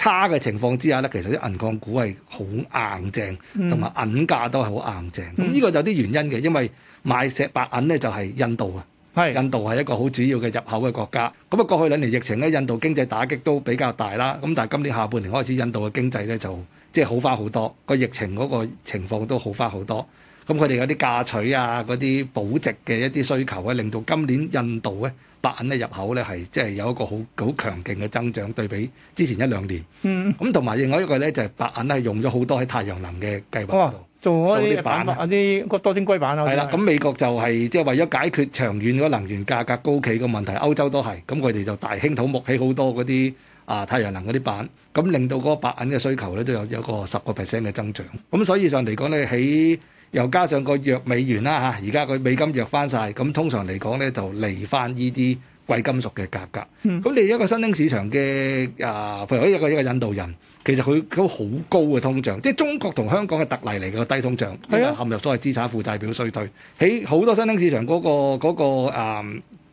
差嘅情況之下咧，其實啲銀礦股係好硬淨，同埋、嗯、銀價都係好硬淨。咁呢、嗯、個有啲原因嘅，因為買石白銀咧就係、是、印度啊，係是印度係一個好主要嘅入口嘅國家。咁、嗯、啊，過去兩年疫情咧，印度經濟打擊都比較大啦。咁、嗯、但係今年下半年開始，印度嘅經濟咧就即係好翻好多，個疫情嗰個情況都好翻好多。咁佢哋有啲嫁娶啊，嗰啲保值嘅一啲需求咧，令到今年印度咧。白銀咧入口咧係即係有一個好好強勁嘅增長，對比之前一兩年，咁同埋另外一個咧就係白銀咧用咗好多喺太陽能嘅計劃度做啲板啲、哦、多晶硅板啊，係啦，咁美國就係即係為咗解決長遠嗰能源價格高企嘅問題，歐洲都係，咁佢哋就大興土木起好多嗰啲啊太陽能嗰啲板，咁令到嗰白銀嘅需求咧都有有一個十個 percent 嘅增長，咁所以上嚟講咧喺。又加上個弱美元啦嚇，而家個美金弱翻晒。咁通常嚟講咧就嚟翻呢啲貴金屬嘅價格。咁、嗯、你一個新興市場嘅啊，譬如一個一個印度人，其實佢都好高嘅通脹，即係中國同香港嘅特例嚟嘅低通脹，陷入咗係資產負債表衰退。喺好、嗯、多新興市場嗰、嗰個、嗰個、啊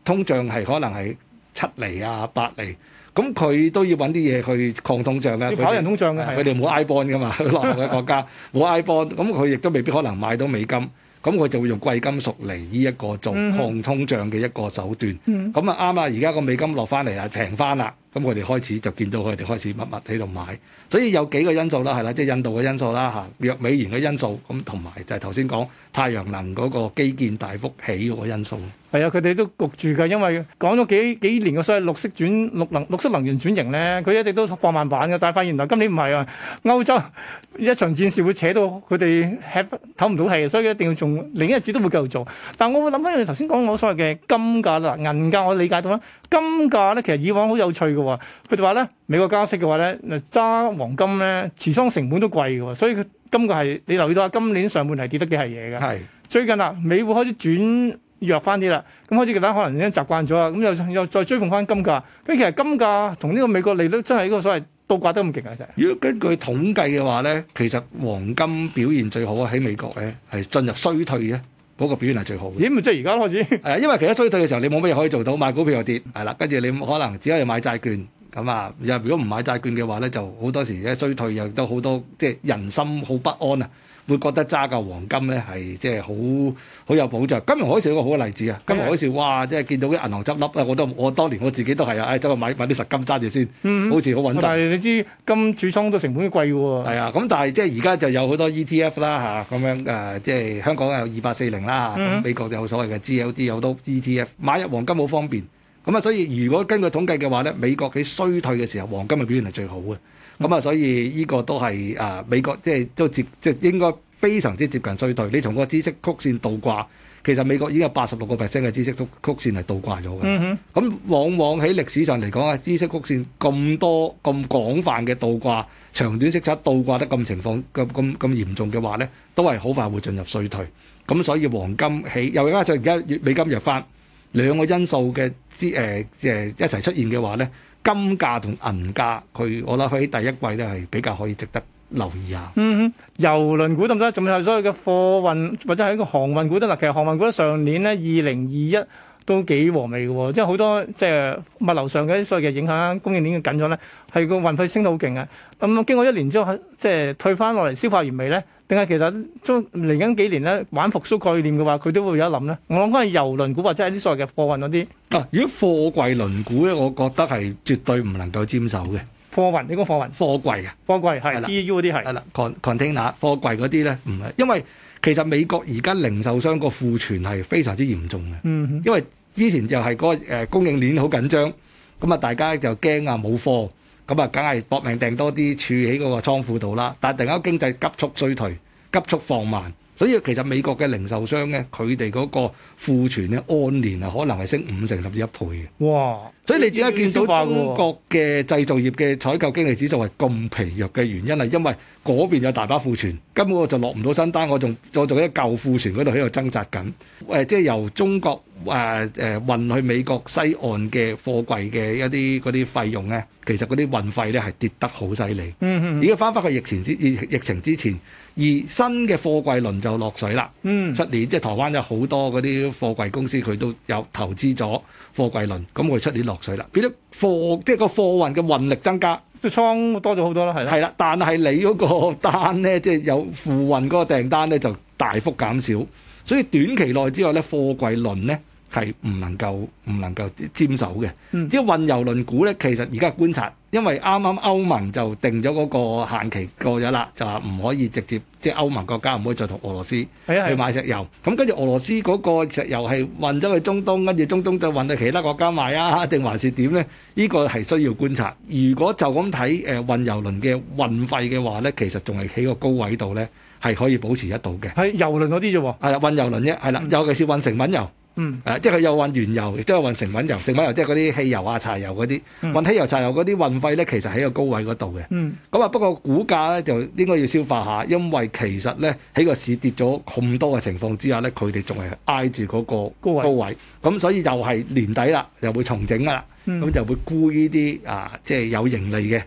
通脹係可能係七厘啊八厘。咁佢都要揾啲嘢去抗通脹啦，跑人通脹嘅，佢哋冇 iBond 噶嘛，落後嘅國家冇 iBond，咁佢亦都未必可能買到美金，咁佢就會用貴金屬嚟呢一個做抗通脹嘅一個手段。咁啊啱啊，而家個美金落翻嚟啦，平翻啦，咁我哋開始就見到佢哋開始密密喺度買，所以有幾個因素啦，係啦，即係印度嘅因素啦嚇，弱美元嘅因素，咁同埋就係頭先講。太陽能嗰個基建大幅起嗰個因素，係啊，佢哋都焗住㗎，因為講咗幾幾年嘅所謂綠色轉綠能、綠色能源轉型咧，佢一直都放慢版嘅，但係發現嚟今年唔係啊，歐洲一場戰事會扯到佢哋吸唞唔到氣，所以一定要做，另一節都會繼續做。但係我會諗翻你頭先講我所謂嘅金價啦、銀價，我理解到啦，金價咧其實以往好有趣嘅喎，佢哋話咧美國加息嘅話咧，嗱揸黃金咧，持倉成本都貴嘅喎，所以佢。今個係你留意到啊，今年上半係跌得幾係嘢嘅。是最近啊，美股開始轉弱翻啲啦，咁開始其他可能已經習慣咗啊，咁又又再追捧翻金價。跟住其實金價同呢個美國利率真係呢個所謂倒掛得咁勁啊！就是、如果根據統計嘅話咧，其實黃金表現最好啊，喺美國咧係進入衰退嘅嗰、嗰個表現係最好嘅。咦即係而家開始？係啊，因為其實衰退嘅時候你冇乜嘢可以做到，買股票又跌，係啦，跟住你可能只可以買債券。咁啊，又如果唔買債券嘅話咧，就好多時咧衰退又都好多，即係人心好不安啊，會覺得揸嚿黃金咧係即係好好有保障。金融海嘯一個好嘅例子啊，金融海嘯哇，即係見到啲銀行執笠啊！我都我當年我自己都係啊，誒、哎、走去買買啲實金揸住先，好似好穩陣、嗯嗯。但係你知金儲倉都成本都貴喎。係啊，咁但係即係而家就有好多 ETF 啦、啊、嚇，咁樣誒、啊，即係香港有二八四零啦，嗯嗯，美國就有所謂嘅 GLD 有好多 ETF，買入黃金好方便。咁啊，嗯嗯、所以如果根據統計嘅話咧，美國喺衰退嘅時候，黃金嘅表現係最好嘅。咁啊，所以呢個都係啊美國、即係，即係都接，即係應該非常之接近衰退。你從個孳息曲線倒掛，其實美國已經有八十六個 percent 嘅孳息曲曲線係倒掛咗嘅。咁、嗯哼嗯、往往喺歷史上嚟講啊，孳息曲線咁多咁廣泛嘅倒掛，長短息差倒掛得咁情況咁咁咁嚴重嘅話咧，都係好快會進入衰退。咁所以黃金起又加咗，而家美金弱返。兩個因素嘅之誒誒一齊出現嘅話咧，金價同銀價，佢我諗喺第一季咧係比較可以值得留意啊。嗯哼，郵輪股都得，仲有所有嘅貨運或者係一個航運股都得。其實航運股上年咧二零二一，都幾和味嘅喎，即係好多即係物流上嘅，所謂嘅影響供應鏈嘅緊張咧，係個運費升到好勁嘅。咁、嗯、啊，經過一年之後即係退翻落嚟消化完未咧？定係其實將嚟緊幾年咧玩復甦概念嘅話，佢都會有一諗咧。我諗翻係郵輪股或者係啲所謂嘅貨運嗰啲。啊，如果貨櫃輪股咧，我覺得係絕對唔能夠沾手嘅。貨運，你講貨運，貨櫃啊，貨櫃係。係啦。C E U 啲係。係啦。Con container 貨櫃嗰啲咧唔係，因為其實美國而家零售商個庫存係非常之嚴重嘅。嗯因為,嗯哼因為之前就係嗰個供應鏈好緊張，咁啊大家就驚啊冇貨，咁啊梗係搏命訂多啲儲喺嗰個倉庫度啦。但係突然間經濟急速衰退、急速放慢，所以其實美國嘅零售商咧，佢哋嗰個庫存咧按年啊，可能係升五成甚至一倍嘅。哇！所以你點解見到中國嘅製造業嘅採購經理指數係咁疲弱嘅原因係因為嗰邊有大把庫存，根本我就落唔到新單，我仲我仲喺舊庫存嗰度喺度掙扎緊。誒，即係由中國誒誒運去美國西岸嘅貨櫃嘅一啲嗰啲費用咧，其實嗰啲運費咧係跌得好犀利。嗯嗯，而家翻返去疫情之疫情之前，而新嘅貨櫃輪就落水啦。嗯，出年即係台灣有好多嗰啲貨櫃公司佢都有投資咗貨櫃輪，咁佢出年落。水啦，變咗貨，即係個貨運嘅運力增加，個倉多咗好多啦，係。係啦，但係你嗰個單咧，即係有貨運嗰個訂單咧，就大幅減少，所以短期內之外咧，貨櫃輪咧。係唔能夠唔能夠沾手嘅。啲運油輪股咧，其實而家觀察，因為啱啱歐盟就定咗嗰個限期過咗啦，就話唔可以直接即係歐盟國家唔可以再同俄羅斯去買石油。咁跟住俄羅斯嗰個石油係運咗去中東，跟住中東再運到其他國家賣啊？定還是點咧？呢個係需要觀察。如果就咁睇誒運油輪嘅運費嘅話咧，其實仲係喺個高位度咧，係可以保持得到嘅。係油輪嗰啲啫喎，係啦，係運油輪啫，係啦，尤其是運成品油。嗯，誒、啊，即係佢又運原油，亦都有運成品油，成品油即係嗰啲汽油啊、柴油嗰啲，嗯、運汽油、柴油嗰啲運費咧，其實喺個高位嗰度嘅。嗯，咁啊，不過股價咧就應該要消化下，因為其實咧喺個市跌咗咁多嘅情況之下咧，佢哋仲係挨住嗰個高位，高位。咁所以又係年底啦，又會重整噶啦，咁、嗯、就會沽呢啲啊，即係有盈利嘅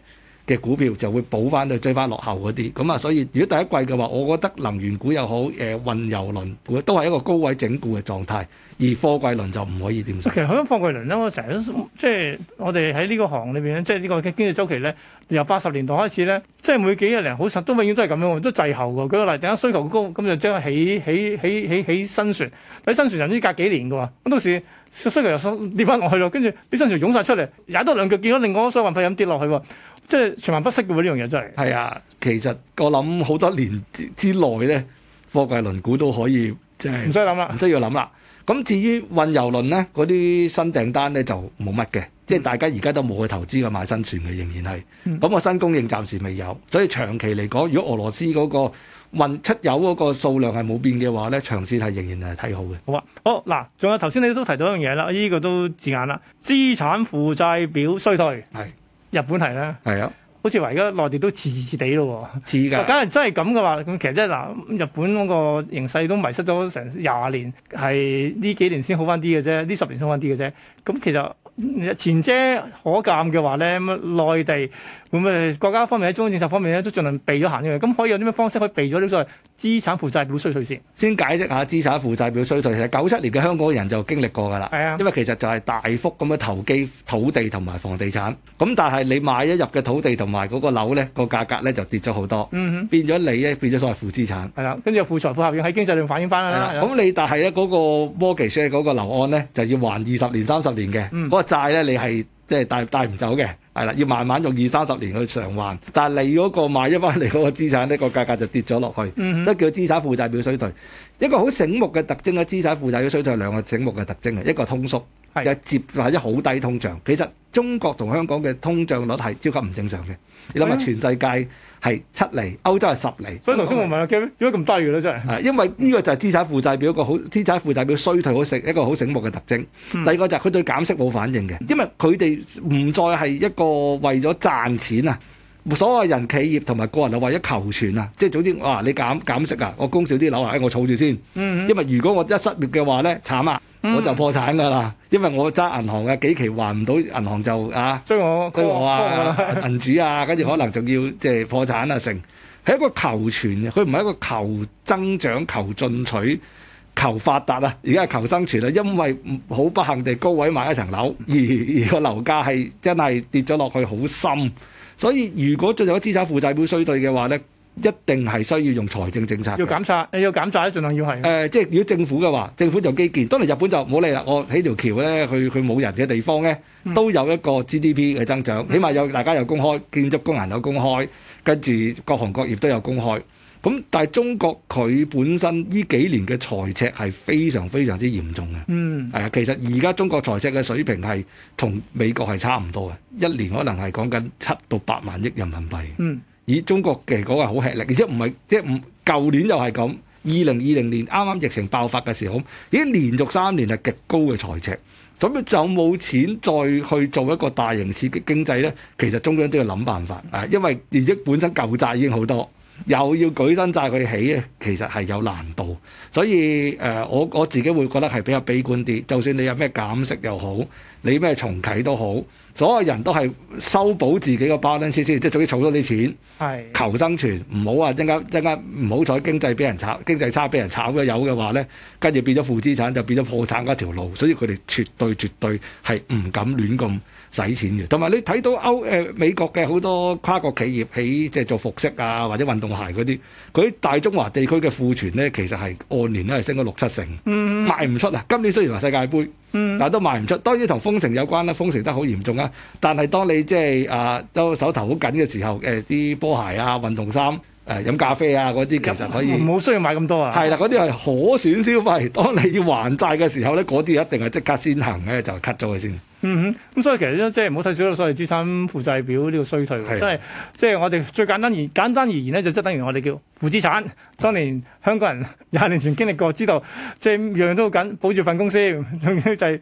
嘅股票就會補翻去追翻落後嗰啲，咁啊，所以如果第一季嘅話，我覺得能源股又好，誒、呃、運油輪都係一個高位整固嘅狀態，而貨櫃輪就唔可以點。其實響貨櫃輪咧，我成日即係我哋喺呢個行裏邊咧，即係呢個經濟周期咧，由八十年代開始咧，即係每幾日嚟，好實都永遠都係咁樣，都滯後㗎。舉個例，第一需求高，咁就將佢起起起起，起新船，喺新船甚至隔幾年嘅話，咁到時。石油又跌翻落去咯，跟住啲新船湧晒出嚟，踩多兩腳，見到另外一艘運費咁跌落去喎，即係循環不息嘅喎，呢樣嘢真係。係啊，其實我諗好多年之內咧，貨櫃輪股都可以即係。唔使諗啦，唔需要諗啦。咁至於運油輪咧，嗰啲新訂單咧就冇乜嘅，即係大家而家都冇去投資去買新船嘅，仍然係。咁個新供應暫時未有，所以長期嚟講，如果俄羅斯嗰個運出有嗰個數量係冇變嘅話咧，長線係仍然係睇好嘅。好啊，好嗱，仲有頭先你都提到一樣嘢啦，呢個都字眼啦，資產負債表衰退，係日本係啦，係啊，好似話而家內地都黐黐地咯喎，黐㗎。梗係真係咁嘅話，咁其實即係嗱，日本嗰個形勢都迷失咗成廿年，係呢幾年先好翻啲嘅啫，呢十年先好翻啲嘅啫。咁其實前車可鑑嘅話咧，內地。會唔會國家方面喺中央政策方面咧都盡量避咗行呢樣？咁可以有啲咩方式可以避咗呢啲所謂資產負債表衰退先？先解釋下資產負債表衰退。其實九七年嘅香港人就經歷過㗎啦。係啊，因為其實就係大幅咁樣投機土地同埋房地產。咁但係你買一入嘅土地同埋嗰個樓咧，個價格咧就跌咗好多。嗯哼，變咗你咧變咗所謂負資產。係啦、啊，跟住負財富效應喺經濟上反映翻啦。係啦、啊，咁、啊啊、你但係咧嗰個 mortgage 嗰個樓按咧就要還二十年、三十年嘅。年年年嗯，嗰個債咧你係即係帶帶唔走嘅。係啦，要慢慢用二三十年去償還，但係你嗰個買翻嚟嗰個資產，呢個價格就跌咗落去，即係、嗯、哼叫資產負債表衰退。一個好醒目嘅特徵咧，資產負債表衰退係兩個醒目嘅特徵啊，一個通縮，又係是接或者好低通脹。其實中國同香港嘅通脹率係超級唔正常嘅，你諗下全世界。係七厘，歐洲係十厘。所以頭先我問阿 Gary，點解咁低嘅咧？真係。係因為呢個就係資產負債表一個好資產負債表衰退好醒，一個好醒目嘅特徵。第二個就係佢對減息冇反應嘅，因為佢哋唔再係一個為咗賺錢啊，所有人企業同埋個人啊為咗求存啊，即係總之哇、啊，你減減息啊，我供少啲樓啊，誒、哎，我儲住先。嗯。因為如果我一失業嘅話咧，慘啊！我就破產噶啦，因為我揸銀行嘅幾期還唔到，銀行就啊追我追我啊，銀主啊，跟住 可能仲要即係破產啊成，成係一個求存嘅佢唔係一個求增長、求進取、求發達啊，而家係求生存啦，因為好不幸地高位買咗一層樓，而而個樓價係真係跌咗落去好深，所以如果再有資產負債表衰退嘅話咧。一定係需要用財政政策要，要減債，你要減債咧，盡量要係。誒、呃，即係如果政府嘅話，政府就基建，當然日本就唔好理啦。我起條橋咧，去去冇人嘅地方咧，都有一個 GDP 嘅增長，嗯、起碼有大家有公開建築工人有公開，跟住各行各業都有公開。咁但係中國佢本身呢幾年嘅財赤係非常非常之嚴重嘅。嗯，係啊，其實而家中國財赤嘅水平係同美國係差唔多嘅，一年可能係講緊七到八萬億人民幣。嗯。以中國嚟講係好吃力，而且唔係即係唔舊年又係咁，二零二零年啱啱疫情爆發嘅時候，已經連續三年係極高嘅財赤，咁佢就冇錢再去做一個大型刺激經濟咧。其實中央都要諗辦法啊，因為而且本身舊債已經好多，又要舉新債去起咧，其實係有難度。所以誒，我我自己會覺得係比較悲觀啲。就算你有咩減息又好，你咩重啟都好。所有人都係修補自己個 balance 先，即係總之儲多啲錢，求生存，唔好啊！一間一間唔好彩，經濟俾人炒，經濟差俾人炒咗有嘅話咧，跟住變咗負資產，就變咗破產嘅一條路，所以佢哋絕對絕對係唔敢亂咁。使錢嘅，同埋你睇到歐誒、呃、美國嘅好多跨國企業喺即係做服飾啊，或者運動鞋嗰啲，佢大中華地區嘅庫存咧，其實係按年咧係升咗六七成，嗯、賣唔出啊！今年雖然話世界盃，嗯、但都賣唔出。當然同封城有關啦，封城得好嚴重啊！但係當你即係啊都手頭好緊嘅時候，誒、啊、啲波鞋啊、運動衫、誒、啊、飲咖啡啊嗰啲，其實可以冇需要買咁多啊！係啦，嗰啲係可選消費。當你要還債嘅時候咧，嗰啲一定係即刻先行嘅，就 cut 咗佢先。嗯哼，咁所以其實咧，即係唔好睇少咗所謂資產負債表呢個衰退，即係即係我哋最簡單而簡單而言咧，就即係等於我哋叫負資產。當年香港人廿年前經歷過，知道即係、就是、樣樣都好緊，保住份工，仲要就係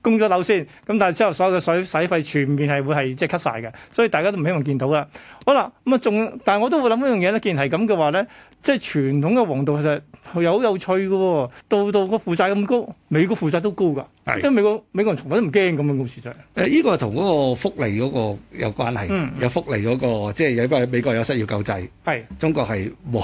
供咗樓先。咁但係之後所有嘅水洗費全面係會係即係 cut 曬嘅，所以大家都唔希望見到啦。好啦，咁啊仲，但係我都會諗一樣嘢咧。既然係咁嘅話咧，即、就、係、是、傳統嘅黃道其實有好有趣嘅喎，到到個負債咁高，美國負債都高㗎。係，因為美國美國從來都唔驚咁樣咁事實。誒、呃，依、這個係同嗰個福利嗰個有關係，嗯、有福利嗰、那個，即係因為美國有失業救濟，係是中國係冇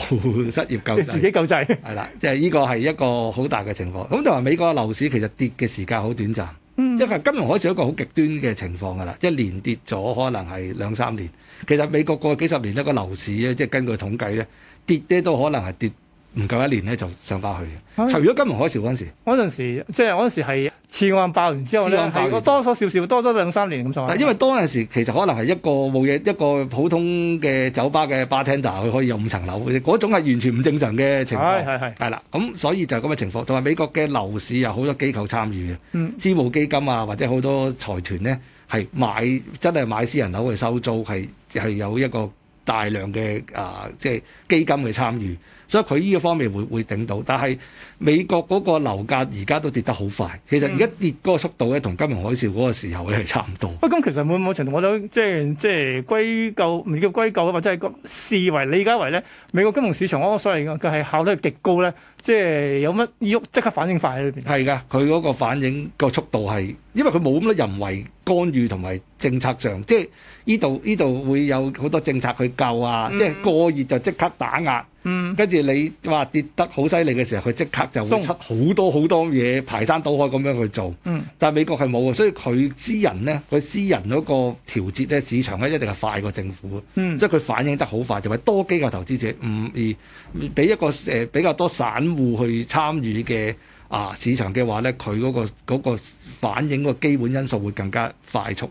失業救濟，自己救濟。係啦了， 即係呢個係一個好大嘅情況。咁就話美國樓市其實跌嘅時間好短暫，因、嗯、為金融海嘯一個好極端嘅情況㗎啦，一係連跌咗可能係兩三年。其實美國過幾十年一個樓市咧，即係根據統計咧，跌咧都可能係跌。唔夠一年咧就上返去，除咗金融海嘯嗰陣時，嗰、就是、時即係嗰陣時係次按爆、爆完之後，次多咗少少，多咗兩三年咁，但係因為當陣時其實可能係一個冇嘢，一個普通嘅酒吧嘅 bartender，佢可以有五層樓嘅嗰種係完全唔正常嘅情況。係係係。啦、哎，咁、哎、所以就係咁嘅情況。同埋美國嘅樓市有好多機構參與嘅，私募、嗯、基金啊，或者好多財團呢，係買真係買私人樓去收租，係係有一個大量嘅啊，即係基金去參與。所以佢呢個方面會會頂到，但係美國嗰個樓價而家都跌得好快。其實而家跌嗰個速度咧，同金融海嘯嗰個時候咧係差唔多。喂、嗯，咁其實某某程度我都即係即係歸咎唔叫歸咎啊，或者係個視為理解為咧，美國金融市場嗰個所謂嘅係效率極高咧，即係有乜喐，即刻反應快喺裏邊。係噶，佢嗰個反應個速度係因為佢冇咁多人為干預同埋政策上，即係呢度呢度會有好多政策去救啊，嗯、即係過熱就即刻打壓。嗯，跟住你話跌得好犀利嘅時候，佢即刻就會出好多好多嘢，排山倒海咁樣去做。嗯，但係美國係冇嘅，所以佢私人咧，佢私人嗰個調節咧，市場咧一定係快過政府。嗯，即係佢反應得好快，因為多機構投資者唔易。俾、嗯、一個誒、呃、比較多散戶去參與嘅啊市場嘅話咧，佢嗰、嗰個嗰個反映個基本因素會更加快速。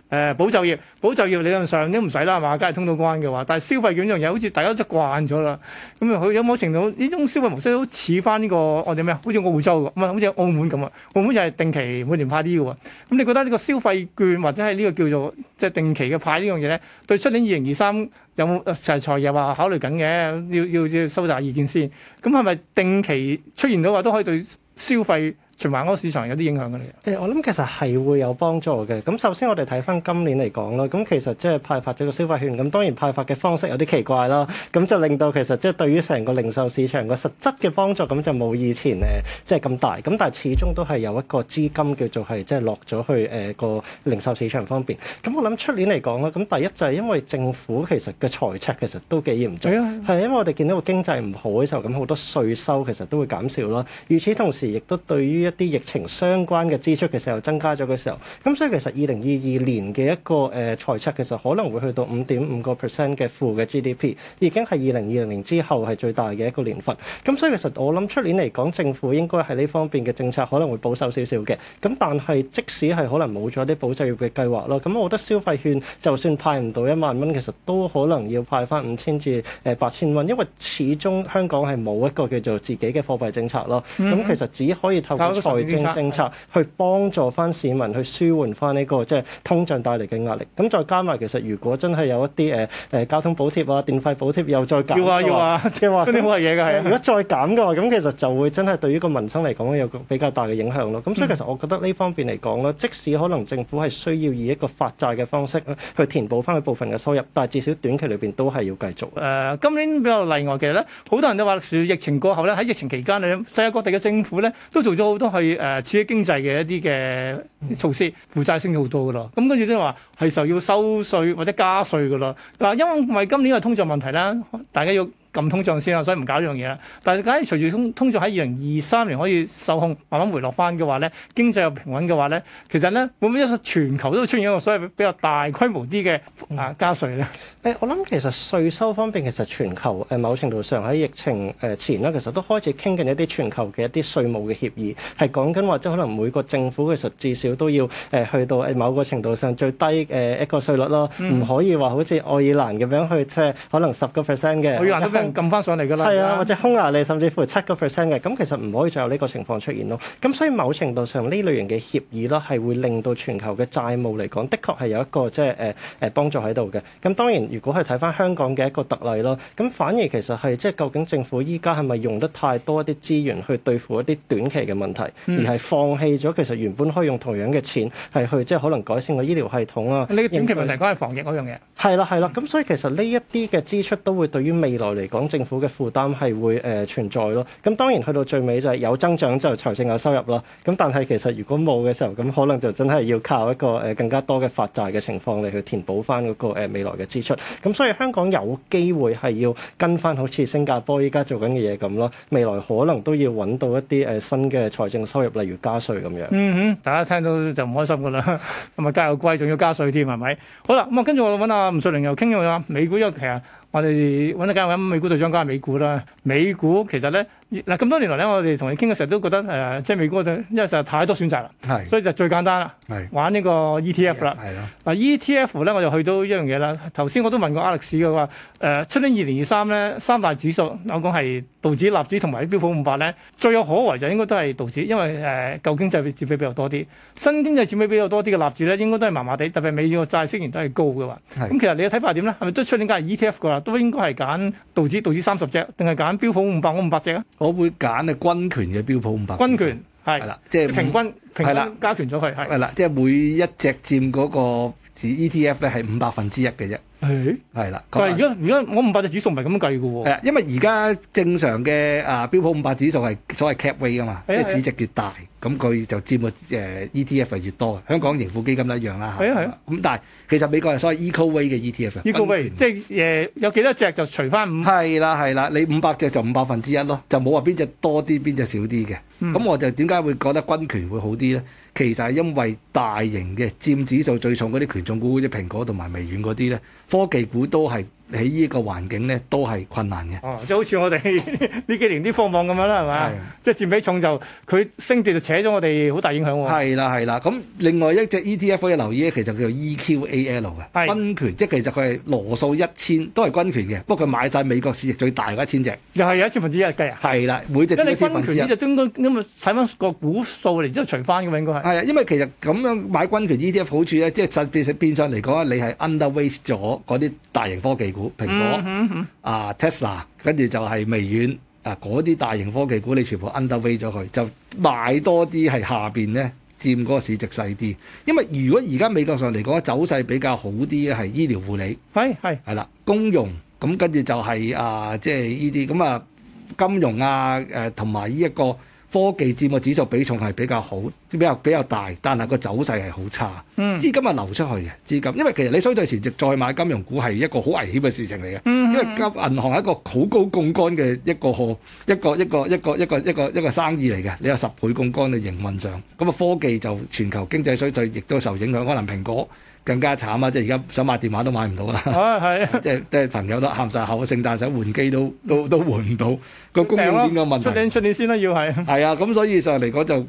誒保就業，保就業理論上都唔使啦，係嘛？梗係通到關嘅話，但係消費券呢樣嘢好似大家都習慣咗啦。咁啊，佢有冇程度呢種消費模式都似翻呢個我哋咩啊？好似澳洲㗎，唔係，好似澳門咁啊？澳門又係定期每年派啲嘅喎。咁你覺得呢個消費券或者係呢個叫做即係、就是、定期嘅派呢樣嘢咧，對出年二零二三有冇財財爺話考慮緊嘅？要要要收集意見先。咁係咪定期出現到話都可以對消費？全晚嗰市場有啲影響嘅你，誒我諗其實係會有幫助嘅。咁首先我哋睇翻今年嚟講啦，咁其實即係派發咗個消費券，咁當然派發嘅方式有啲奇怪啦，咁就令到其實即係對於成個零售市場個實質嘅幫助，咁就冇以前誒、呃、即係咁大。咁但係始終都係有一個資金叫做係即係落咗去誒、呃、個零售市場方面。咁我諗出年嚟講啦，咁第一就係因為政府其實嘅財赤其實都幾嚴重，係、啊、因為我哋見到個經濟唔好嘅時候，咁好多稅收其實都會減少咯。與此同時亦都對於。嗯嗯、一啲疫情相關嘅支出嘅時候增加咗嘅時候，咁所以其實二零二二年嘅一個誒財赤，其實可能會去到五點五個 percent 嘅負嘅 GDP，已經係二零二零年之後係最大嘅一個年份。咁、嗯、所以其實我諗出年嚟講政府應該係呢方面嘅政策可能會保守少少嘅。咁但係即使係可能冇咗啲保就業嘅計劃咯，咁、嗯、我覺得消費券就算派唔到一萬蚊，其實都可能要派翻五千至誒八千蚊，因為始終香港係冇一個叫做自己嘅貨幣政策咯。咁、嗯嗯、其實只可以透過。財政政策去幫助翻市民去舒緩翻、這、呢個即係通脹帶嚟嘅壓力。咁再加埋，其實如果真係有一啲誒誒交通補貼啊、電費補貼又再減要啊要啊，即係話嗰啲咁嘅嘢嘅係。 如果再減嘅話，咁其實就會真係對於個民生嚟講有個比較大嘅影響咯。咁所以其實我覺得呢方面嚟講咧，即使可能政府係需要以一個發債嘅方式去填補翻佢部分嘅收入，但係至少短期裏邊都係要繼續。誒、呃，今年比較例外其實咧，好多人都話疫情過後咧，喺疫情期間咧，世界各地嘅政府咧都做咗好。都係誒刺激經濟嘅一啲嘅措施，負債升咗好多噶咯。咁跟住都話係時候要收稅或者加稅噶咯。嗱，因為今年嘅通脹問題啦，大家要。咁通脹先啦，所以唔搞呢樣嘢啦。但係假如隨住通通脹喺二零二三年可以受控，慢慢回落翻嘅話咧，經濟又平穩嘅話咧，其實咧會唔會一全球都出現一個所謂比較大規模啲嘅啊加稅咧？誒，我諗其實稅收方面其實全球誒某程度上喺疫情誒前咧，其實都開始傾緊一啲全球嘅一啲稅務嘅協議，係講緊或者可能每個政府其實至少都要誒去到誒某個程度上最低誒一個稅率咯，唔、嗯、可以話好似愛爾蘭咁樣去即係可能十個 percent 嘅。撳翻上嚟㗎啦，係啊，或者匈牙利甚至乎七個 percent 嘅，咁其實唔可以再有呢個情況出現咯。咁所以某程度上呢類型嘅協議啦，係會令到全球嘅債務嚟講，的確係有一個即係誒誒幫助喺度嘅。咁當然，如果係睇翻香港嘅一個特例咯，咁反而其實係即係究竟政府依家係咪用得太多一啲資源去對付一啲短期嘅問題，嗯、而係放棄咗其實原本可以用同樣嘅錢係去即係可能改善個醫療系統啊？呢個短期問題關係防疫嗰樣嘢。係啦係啦，咁、啊、所以其實呢一啲嘅支出都會對於未來嚟。港政府嘅負擔係會誒、呃、存在咯，咁當然去到最尾就係有增長就財政有收入啦。咁但係其實如果冇嘅時候，咁可能就真係要靠一個誒更加多嘅發債嘅情況嚟去填補翻嗰、那個、呃、未來嘅支出。咁、嗯、所以香港有機會係要跟翻好似新加坡依家做緊嘅嘢咁咯。未來可能都要揾到一啲誒新嘅財政收入，例如加稅咁樣。嗯哼，大家聽到就唔開心㗎啦。咁啊，加油貴仲要加稅添，係咪？好啦，咁、嗯、啊跟住我揾阿吳、吳瑞麟又傾咗下美股，因為其實。我哋揾一間揾美股對相關嘅美股啦，美股其實咧。 嗱咁多年來咧，我哋同你傾嘅時候都覺得誒、呃，即係美國，因為實在太多選擇啦，是所以就最簡單啦，是玩個、啊 ETF、呢個 ETF 啦。嗱 ETF 咧，我就去到一樣嘢啦。頭先我都問過 Alex 嘅話，誒、呃，出年二零二三咧，三大指數，我講係道指、納指同埋啲標普五百咧，最有可為就應該都係道指，因為誒、呃、舊經濟佔比比較多啲，新經濟佔比比較多啲嘅納指咧，應該都係麻麻地，特別美元嘅債息仍然都係高嘅話。咁的其實你嘅睇法係點咧？係咪都出年梗係 ETF 嘅話，都應該係揀道指，道指三十隻，定係揀標普五百五百隻啊？我會揀啊均權嘅標普、就是、五百。均權係，係啦，即係平均，平均加權咗佢係。係啦的，即係、就是、每一隻佔嗰個指 E T F 咧係五百分之一嘅啫。係係啦，但係如果而家我五百隻指數唔係咁樣計嘅喎，啊，因為而家正常嘅啊標普五百指數係所謂 cap weight 啊嘛，即係市值越大，咁佢的就佔嘅誒、呃、ETF 係越多啊。香港盈富基金都一樣啦，係啊係啊，咁的的但係其實美國係所謂 equal weight 嘅 ETF equal weight 即係誒、呃、有幾多隻就除翻五，係啦係啦，你五百隻就五百分之一咯，就冇話邊隻多啲邊隻少啲嘅。咁、嗯、我就點解會覺得均權會好啲咧？其實係因為大型嘅佔指數最重嗰啲權重股，好似蘋果同埋微軟嗰啲咧。科技股都係。喺呢個環境咧，都係困難嘅。哦，就好似我哋呢 幾年啲科網咁樣啦，係咪？的即係佔比重就佢升跌就扯咗我哋好大影響喎。係啦，係啦。咁另外一隻 E T F 嘅留意咧，其實叫做 E Q A L 嘅。係。軍權，即係其實佢係羅素一千，都係軍權嘅。不過佢買晒美國市值最大嗰一千隻。又係一千分之一計啊？係啦，每隻。即係你軍權咧，就應該咁啊，使翻個股數嚟之後除翻嘅嘛，應該係。係啊，因為其實咁樣買軍權 E T F 好處咧，即係實變相嚟講，你係 underweight 咗嗰啲大型科技股。蘋果啊，Tesla，跟住就係微軟啊，嗰啲，啊、大型科技股你全部 underweight 咗佢，就買多啲係下邊呢，佔嗰個市值細啲。因為如果而家美國上嚟講，走勢比較好啲嘅係醫療護理，係係係啦，公用，咁跟住就係、是、啊，即係呢啲，咁啊，金融啊，誒、啊，同埋呢一個。科技佔個指數比重係比較好，比較比較大，但係個走勢係好差。嗯、資金係流出去嘅資金，因為其實你衰退前夕再買金融股係一個好危險嘅事情嚟嘅，嗯嗯，因為金銀行係一個好高槓桿嘅一個賀，一個一個一個一個一個一個，一個生意嚟嘅。你有十倍槓桿喺營運上，咁啊科技就全球經濟衰退亦都受影響，可能蘋果。更加慘啊！即係而家想買電話都買唔到啦。啊，係啊， 即係即係朋友都喊晒口， 聖誕想換機都都都換唔到個、嗯、供應鏈嘅問題。出年出年先啦，要係係啊。咁所以就嚟講就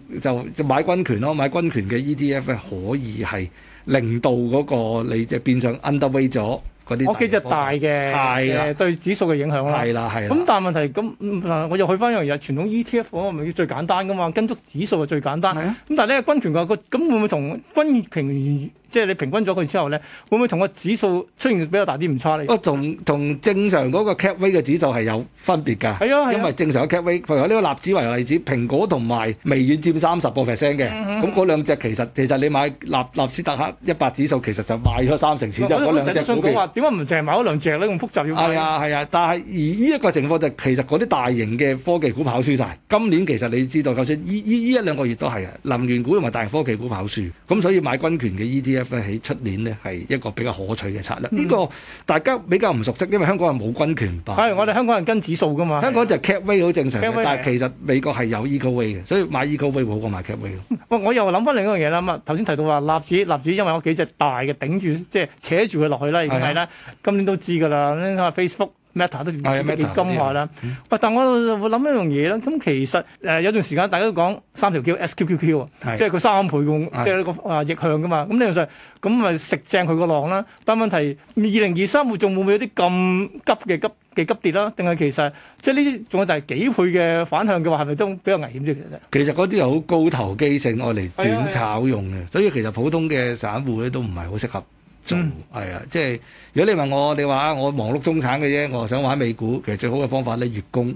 就買軍權咯，買軍權嘅 E T F 可以係令到嗰、那個你即係變相 underweight 咗嗰啲。屋企隻大嘅係啊，對指數嘅影響啦。係啦、啊，係啦、啊。咁、啊、但係問題咁嗱、嗯，我又去翻一樣嘢，傳統 E T F 我咪要最簡單噶嘛，跟足指數就最簡單。係啊。咁但係咧軍權個個咁會唔會同軍權？即係你平均咗佢之後咧，會唔會同個指數出現比較大啲唔差咧？我同同正常嗰個 CAP Weight 嘅指數係有分別㗎。係啊，啊因為正常嘅 CAP Weight 譬如話呢個納指為例子，蘋果同埋微軟佔三十個 percent 嘅，咁嗰、嗯、兩隻其實其實你買納納斯達克一百指數其實就賣咗三成錢，那就嗰兩隻股票。點解唔淨係買咗兩隻呢？咁複雜要？係啊係啊，但係而呢一個情況就是、其實嗰啲大型嘅科技股跑輸晒。今年其實你知道，就算依依依一兩個月都係啊，能源股同埋大型科技股跑輸。咁所以買軍權嘅 E T F。飛起出年呢，係一個比較可取嘅策略，呢個大家比較唔熟悉，因為香港人冇軍權吧？係，我哋香港人跟指數㗎嘛，香港就係 Cap Weight 嗰好正常，但係其實美國係有 Eco Weight 嘅，所以買 Eco Weight 好過買 Cap Weight。喂，我又諗翻另一樣嘢啦，咁啊頭先提到話納指，納指因為我幾隻大嘅頂住，即係扯住佢落去啦，已經係啦，係啊，今年都知㗎啦，你睇下 Facebook。Meta 都跌金話啦，喂！但係我會諗一樣嘢啦。咁、嗯、其實誒有段時間大家都講三條叫 SQQQ 啊，即係佢三倍嘅，即係一個啊逆向嘅嘛。咁你其實咁咪食正佢個浪啦。但係問題二零二三會仲會唔會有啲咁急嘅急嘅急跌啦？定係其實即係呢啲仲有係幾倍嘅反向嘅話，係咪都比較危險啲？其實其實嗰啲又好高投機性，愛嚟短炒用嘅，是的是的，所以其實普通嘅散戶咧都唔係好適合。做係啊，即係如果你問我，你話我忙碌中產嘅啫，我想玩美股。其實最好嘅方法咧，月供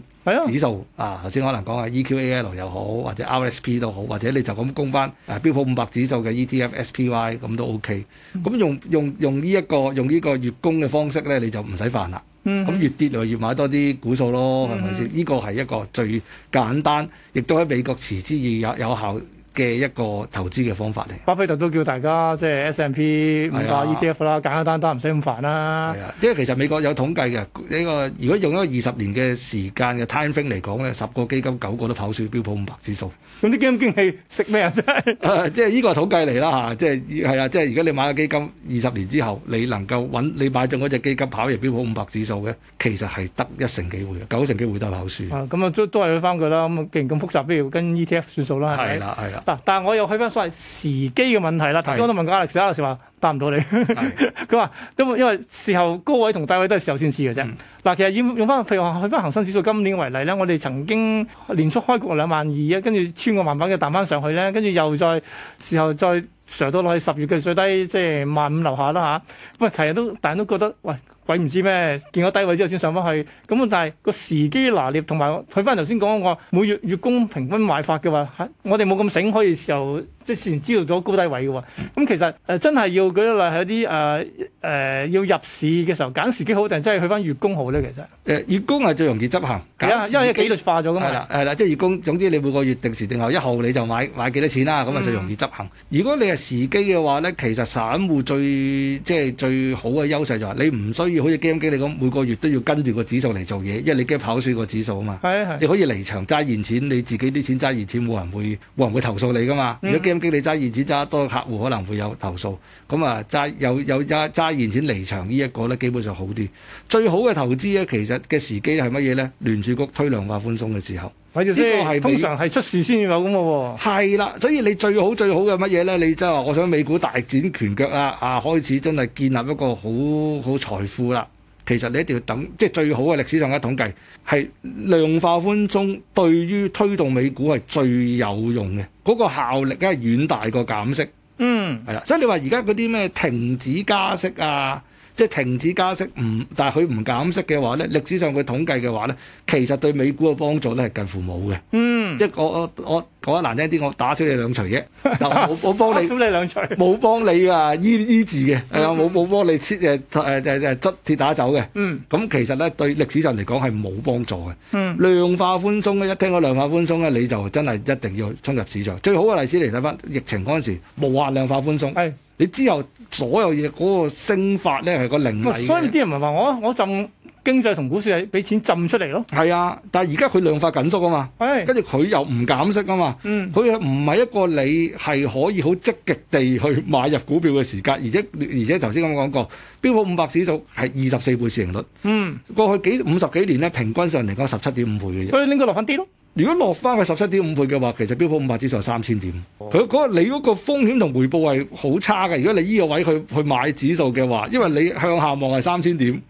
指數的啊，頭先可能講下 E Q A L 又好，或者 R S P 都好，或者你就咁供翻誒、啊、標普五百指數嘅 E T F y,、OK、S P Y 咁都 O K。咁用用用呢、這、一個用呢個月供嘅方式咧，你就唔使煩啦。咁、嗯、是越跌就越買多啲股數咯，係咪先？呢、嗯、是個係一個最簡單，亦都喺美國持之以有有效。嘅一個投資嘅方法嚟，巴菲特都叫大家即係 S&P 五百 E T F 啦，簡簡單單唔使咁煩啦、啊啊。因為其實美國有統計嘅呢個，如果用咗二十年嘅時間嘅 time frame 嚟講咧，十個基金九個都跑輸標普五百指數。咁啲基金經理食咩啊？真係，即係呢個係統計嚟啦嚇，即係係啊，即係而家你買個基金二十年之後，你能夠揾你買中嗰隻基金跑贏標普五百指數嘅，其實係得一成機會，九成機會都係跑輸。咁啊都都係去翻佢啦。咁、嗯、啊、嗯嗯嗯嗯嗯嗯，既然咁複雜，不如跟 E T F 算數啦。係啦，係啦。嗱，但係我又去翻所謂時機嘅問題啦。頭先我都問過 Alex，Alex 是話答唔到你。佢話是 因為因為事後高位同低位都係時候先試嘅啫。嗱、嗯，其實要用翻譬如話去翻恒生指數今年為例咧，我哋曾經連續開過兩萬二啊，跟住穿過萬百嘅彈翻上去咧，跟住又再事後再。事後再成日都落喺十月嘅最低，即係萬五樓下啦嚇。喂，其實都大家都覺得，喂，鬼唔知咩，見咗低位之後先上翻去。咁但係個時機拿捏同埋，睇翻頭先講我每月月供平均買法嘅話，我哋冇咁醒，可以時候。即係事先知道咗高低位嘅喎、哦，咁、嗯、其實誒、呃、真係要舉個例喺啲誒誒要入市嘅時候，揀時機好定真係去返月供好咧？其實誒月供係最容易執行，係啊，因為紀律化咗㗎嘛。係啦，係啦，即、就、係、是、月供，總之你每個月定時定候一號你就買買幾多錢啦、啊，咁咪最容易執行。嗯、如果你係時機嘅話咧，其實散戶最即係最好嘅優勢就係你唔需要好似基金經理咁每個月都要跟住個指數嚟做嘢，因為你驚跑輸個指數啊嘛。係啊係你可以離場揸現錢，你自己啲錢揸現錢，冇人會冇人，人會投訴你㗎嘛。激你揸現錢揸得多，客戶可能會有投訴。咁啊，揸又又揸現錢離場呢一個咧，基本上好啲。最好嘅投資咧，其實嘅時機係乜嘢咧？聯儲局推量化寬鬆嘅時候，呢個係通常係出事先有咁嘅喎。係啦，所以你最好最好嘅乜嘢咧？你即係我想美股大展拳腳啊！啊，開始真係建立一個好好財富啦。其實你一定要等，即係最好嘅歷史上嘅統計係量化寬鬆對於推動美股係最有用嘅，嗰、那個效力梗係遠大過減息。嗯，係啦，所以你話而家嗰啲咩停止加息啊？即係停止加息唔，但係佢唔減息嘅話咧，歷史上佢統計嘅話咧，其實對美股嘅幫助咧係近乎冇嘅。嗯，即係我我我講得難聽啲，我打少你兩除錘啫。嗱，我我幫你 打少你兩錘，冇幫你啊醫醫治嘅，係啊，冇冇幫你切誒誒誒捽鐵打走嘅。嗯，咁其實咧對歷史上嚟講係冇幫助嘅。嗯，量化寬鬆咧，一聽到量化寬鬆咧，你就真係一定要衝入市場。最好嘅例子，嚟睇翻疫情嗰陣時無限量化寬鬆，係是你之後。所有嘢嗰、嗰個升法咧係個零。所以啲人咪話我我浸經濟同股市係俾錢浸出嚟咯。係啊，但係而家佢量化緊縮噶嘛，跟住佢又唔減息噶嘛，佢唔係一個你係可以好積極地去買入股票嘅時間，而且而且頭先咁講過，標普五百指數係二十四倍市盈率，嗯、過去幾五十幾年呢平均上嚟講十七點五倍嘅嘢，所以應該落翻啲咯。如果落翻去十七點五倍嘅話，其實標普五百指數係三千點。佢嗰、哦、你嗰個風險同回報係好差嘅。如果你呢個位去去買指數嘅話，因為你向下望係三千點，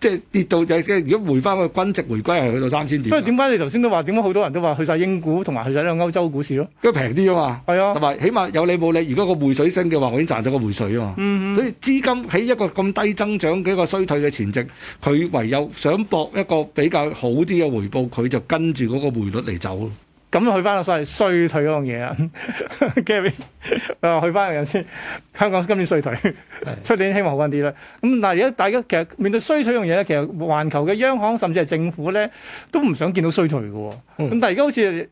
即係跌到即如果回翻個均值回歸係去到三千點。所以點解你頭先都話點解好多人都話去晒英股同埋去晒呢個歐洲股市咯？因為平啲啊嘛，係啊，同埋起碼有你冇你。如果個匯水升嘅話，我已經賺咗個匯水啊嘛。嗯嗯。所以資金喺一個咁低增長、幾個衰退嘅前夕，佢唯有想博一個比較好啲嘅回報，佢就跟住嗰個匯率。嚟走，咁去翻落所謂衰退嗰樣嘢啊 Gary 去翻嚟先。香港今年衰退，出是年希望好返啲啦。咁但係而家大家其實面對衰退嗰樣嘢咧，其實環球嘅央行甚至係政府咧都唔想見到衰退嘅喎。咁、嗯、但係而家好似，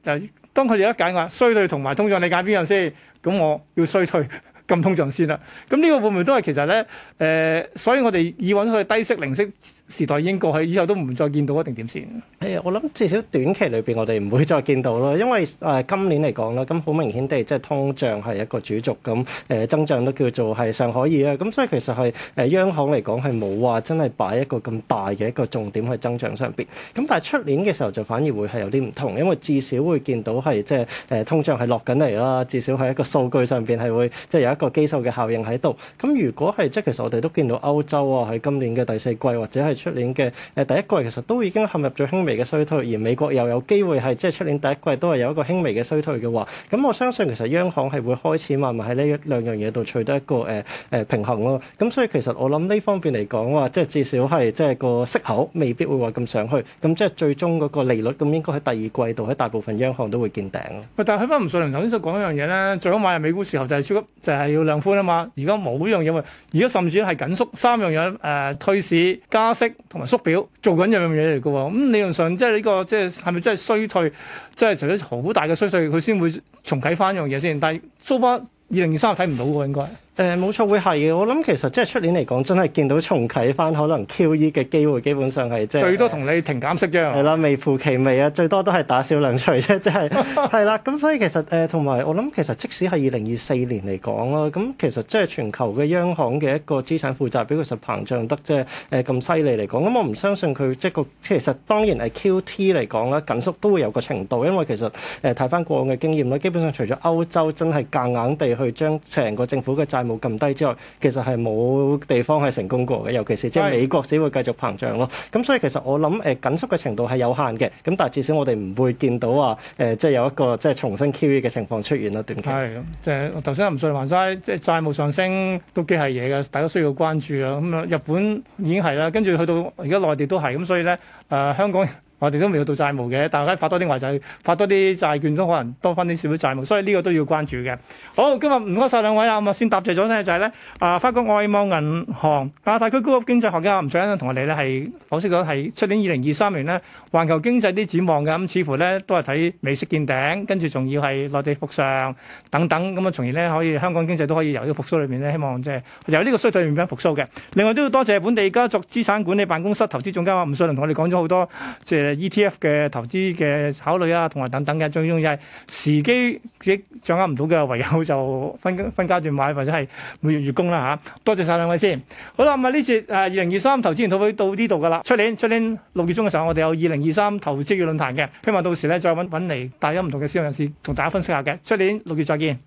當佢哋一揀話衰退同埋通脹，你揀邊樣先？咁我要衰退。咁通脹先啦，咁呢個會唔會都係其實咧？誒，所以我哋以穩佢低息零息時代已經過去，以後都唔再見到一定點先？誒，我諗至少短期裏邊我哋唔會再見到咯，因為誒、呃、今年嚟講啦，咁、嗯、好明顯地即係通脹係一個主軸，咁、呃、誒增長都叫做係尚可以啊。咁、嗯、所以其實係誒、呃、央行嚟講係冇話真係擺一個咁大嘅一個重點去增長上邊。咁但係出年嘅時候就反而會係有啲唔同，因為至少會見到係即係誒通脹係落緊嚟啦，至少係一個數據上邊係會即係有一。個基數嘅效應喺度，咁如果係即係其實我哋都見到歐洲啊喺今年嘅第四季或者係出年嘅誒第一季，其實都已經陷入咗輕微嘅衰退，而美國又有機會係即係出年第一季都係有一個輕微嘅衰退嘅話，咁我相信其實央行係會開始慢慢喺呢一兩樣嘢度取得一個誒誒、呃、平衡咯。咁所以其實我諗呢方面嚟講話，即係至少係即係個息口未必會話咁上去，咁即係最終嗰個利率咁應該喺第二季度喺大部分央行都會見頂咯。喂，但係起翻吳瑞麟頭先所講一樣嘢咧，最好買入美股時候就係超級就係、是。係要量寬啊嘛！而家冇呢樣嘢喎，而家甚至係緊縮三樣嘢誒，退、呃、市、加息同埋縮表做緊呢樣嘢嚟嘅喎。咁、嗯、理論上即係呢、呢個即係係咪真係衰退？即係除咗好大嘅衰退，佢先會重啟翻一樣嘢先。但係 so far 二零二三睇唔到喎，應該。誒冇、嗯、錯會係嘅，我諗其實即係出年嚟講，真係見到重啟翻可能 QE 嘅機會，基本上係即係最多同你停減息啫。係啦、嗯，微乎其微啊，最多都係打少兩槌啫，即係係啦。咁、 嗯、所以其實誒同埋我諗，其實即使係二零二四年嚟講咯，咁其實即係全球嘅央行嘅一個資產負債表其實膨脹得即係誒咁犀利嚟講，咁、嗯、我唔相信佢即係個其實當然係 QT 嚟講啦，緊縮都會有個程度，因為其實誒睇翻過往嘅經驗啦，基本上除咗歐洲真係夾硬地去將成個政府嘅債冇咁低之外，其實係冇地方係成功過嘅，尤其是即係美國只會繼續膨脹咯。咁對、嗯、所以其實我諗誒緊縮嘅程度係有限嘅。咁但係至少我哋唔會見到話誒、呃，即係有一個即係重新 QE 嘅情況出現咯。短期係咁。誒頭先阿吳瑞華嘥，即係債務上升都幾係嘢嘅，大家需要關注啊。咁、嗯、啊，日本已經係啦，跟住去到而家內地都係咁，所以咧誒、呃、香港。我哋都未有到債務嘅，但係咧發多啲就債、發多啲債券都可能多翻啲少少債務，所以呢個都要關注嘅。好，今日唔該晒兩位啊！咁啊，先答謝咗呢，就係、是、咧，啊，法國外貿銀行啊，亞太區高級經濟學家吳卓殷同我哋咧係講識咗係出年二零二三年咧，環球經濟啲展望嘅咁、嗯，似乎咧都係睇美息見頂，跟住仲要係內地復上等等咁啊、嗯，從而咧可以香港經濟都可以由呢個復甦裏邊咧，希望即、就、係、是、由呢個衰退後面復甦嘅。另外都要多謝本地家族資產管理辦公室投資總監吳瑞麟同我哋講咗好多，謝。ETF 嘅投資嘅考慮啊，同埋等等嘅，最終亦係時機亦掌握唔到嘅，唯有就分分階段買，或者係每月月供啦嚇。多謝晒兩位先。好啦，咁啊呢次誒二零二三投資研討會到呢度㗎喇。出年出年六月中嘅時候，我哋有二零二三投資嘅論壇嘅，希望到時咧再揾揾嚟帶有唔同嘅思考人士同大家分析下嘅。出年六月再見。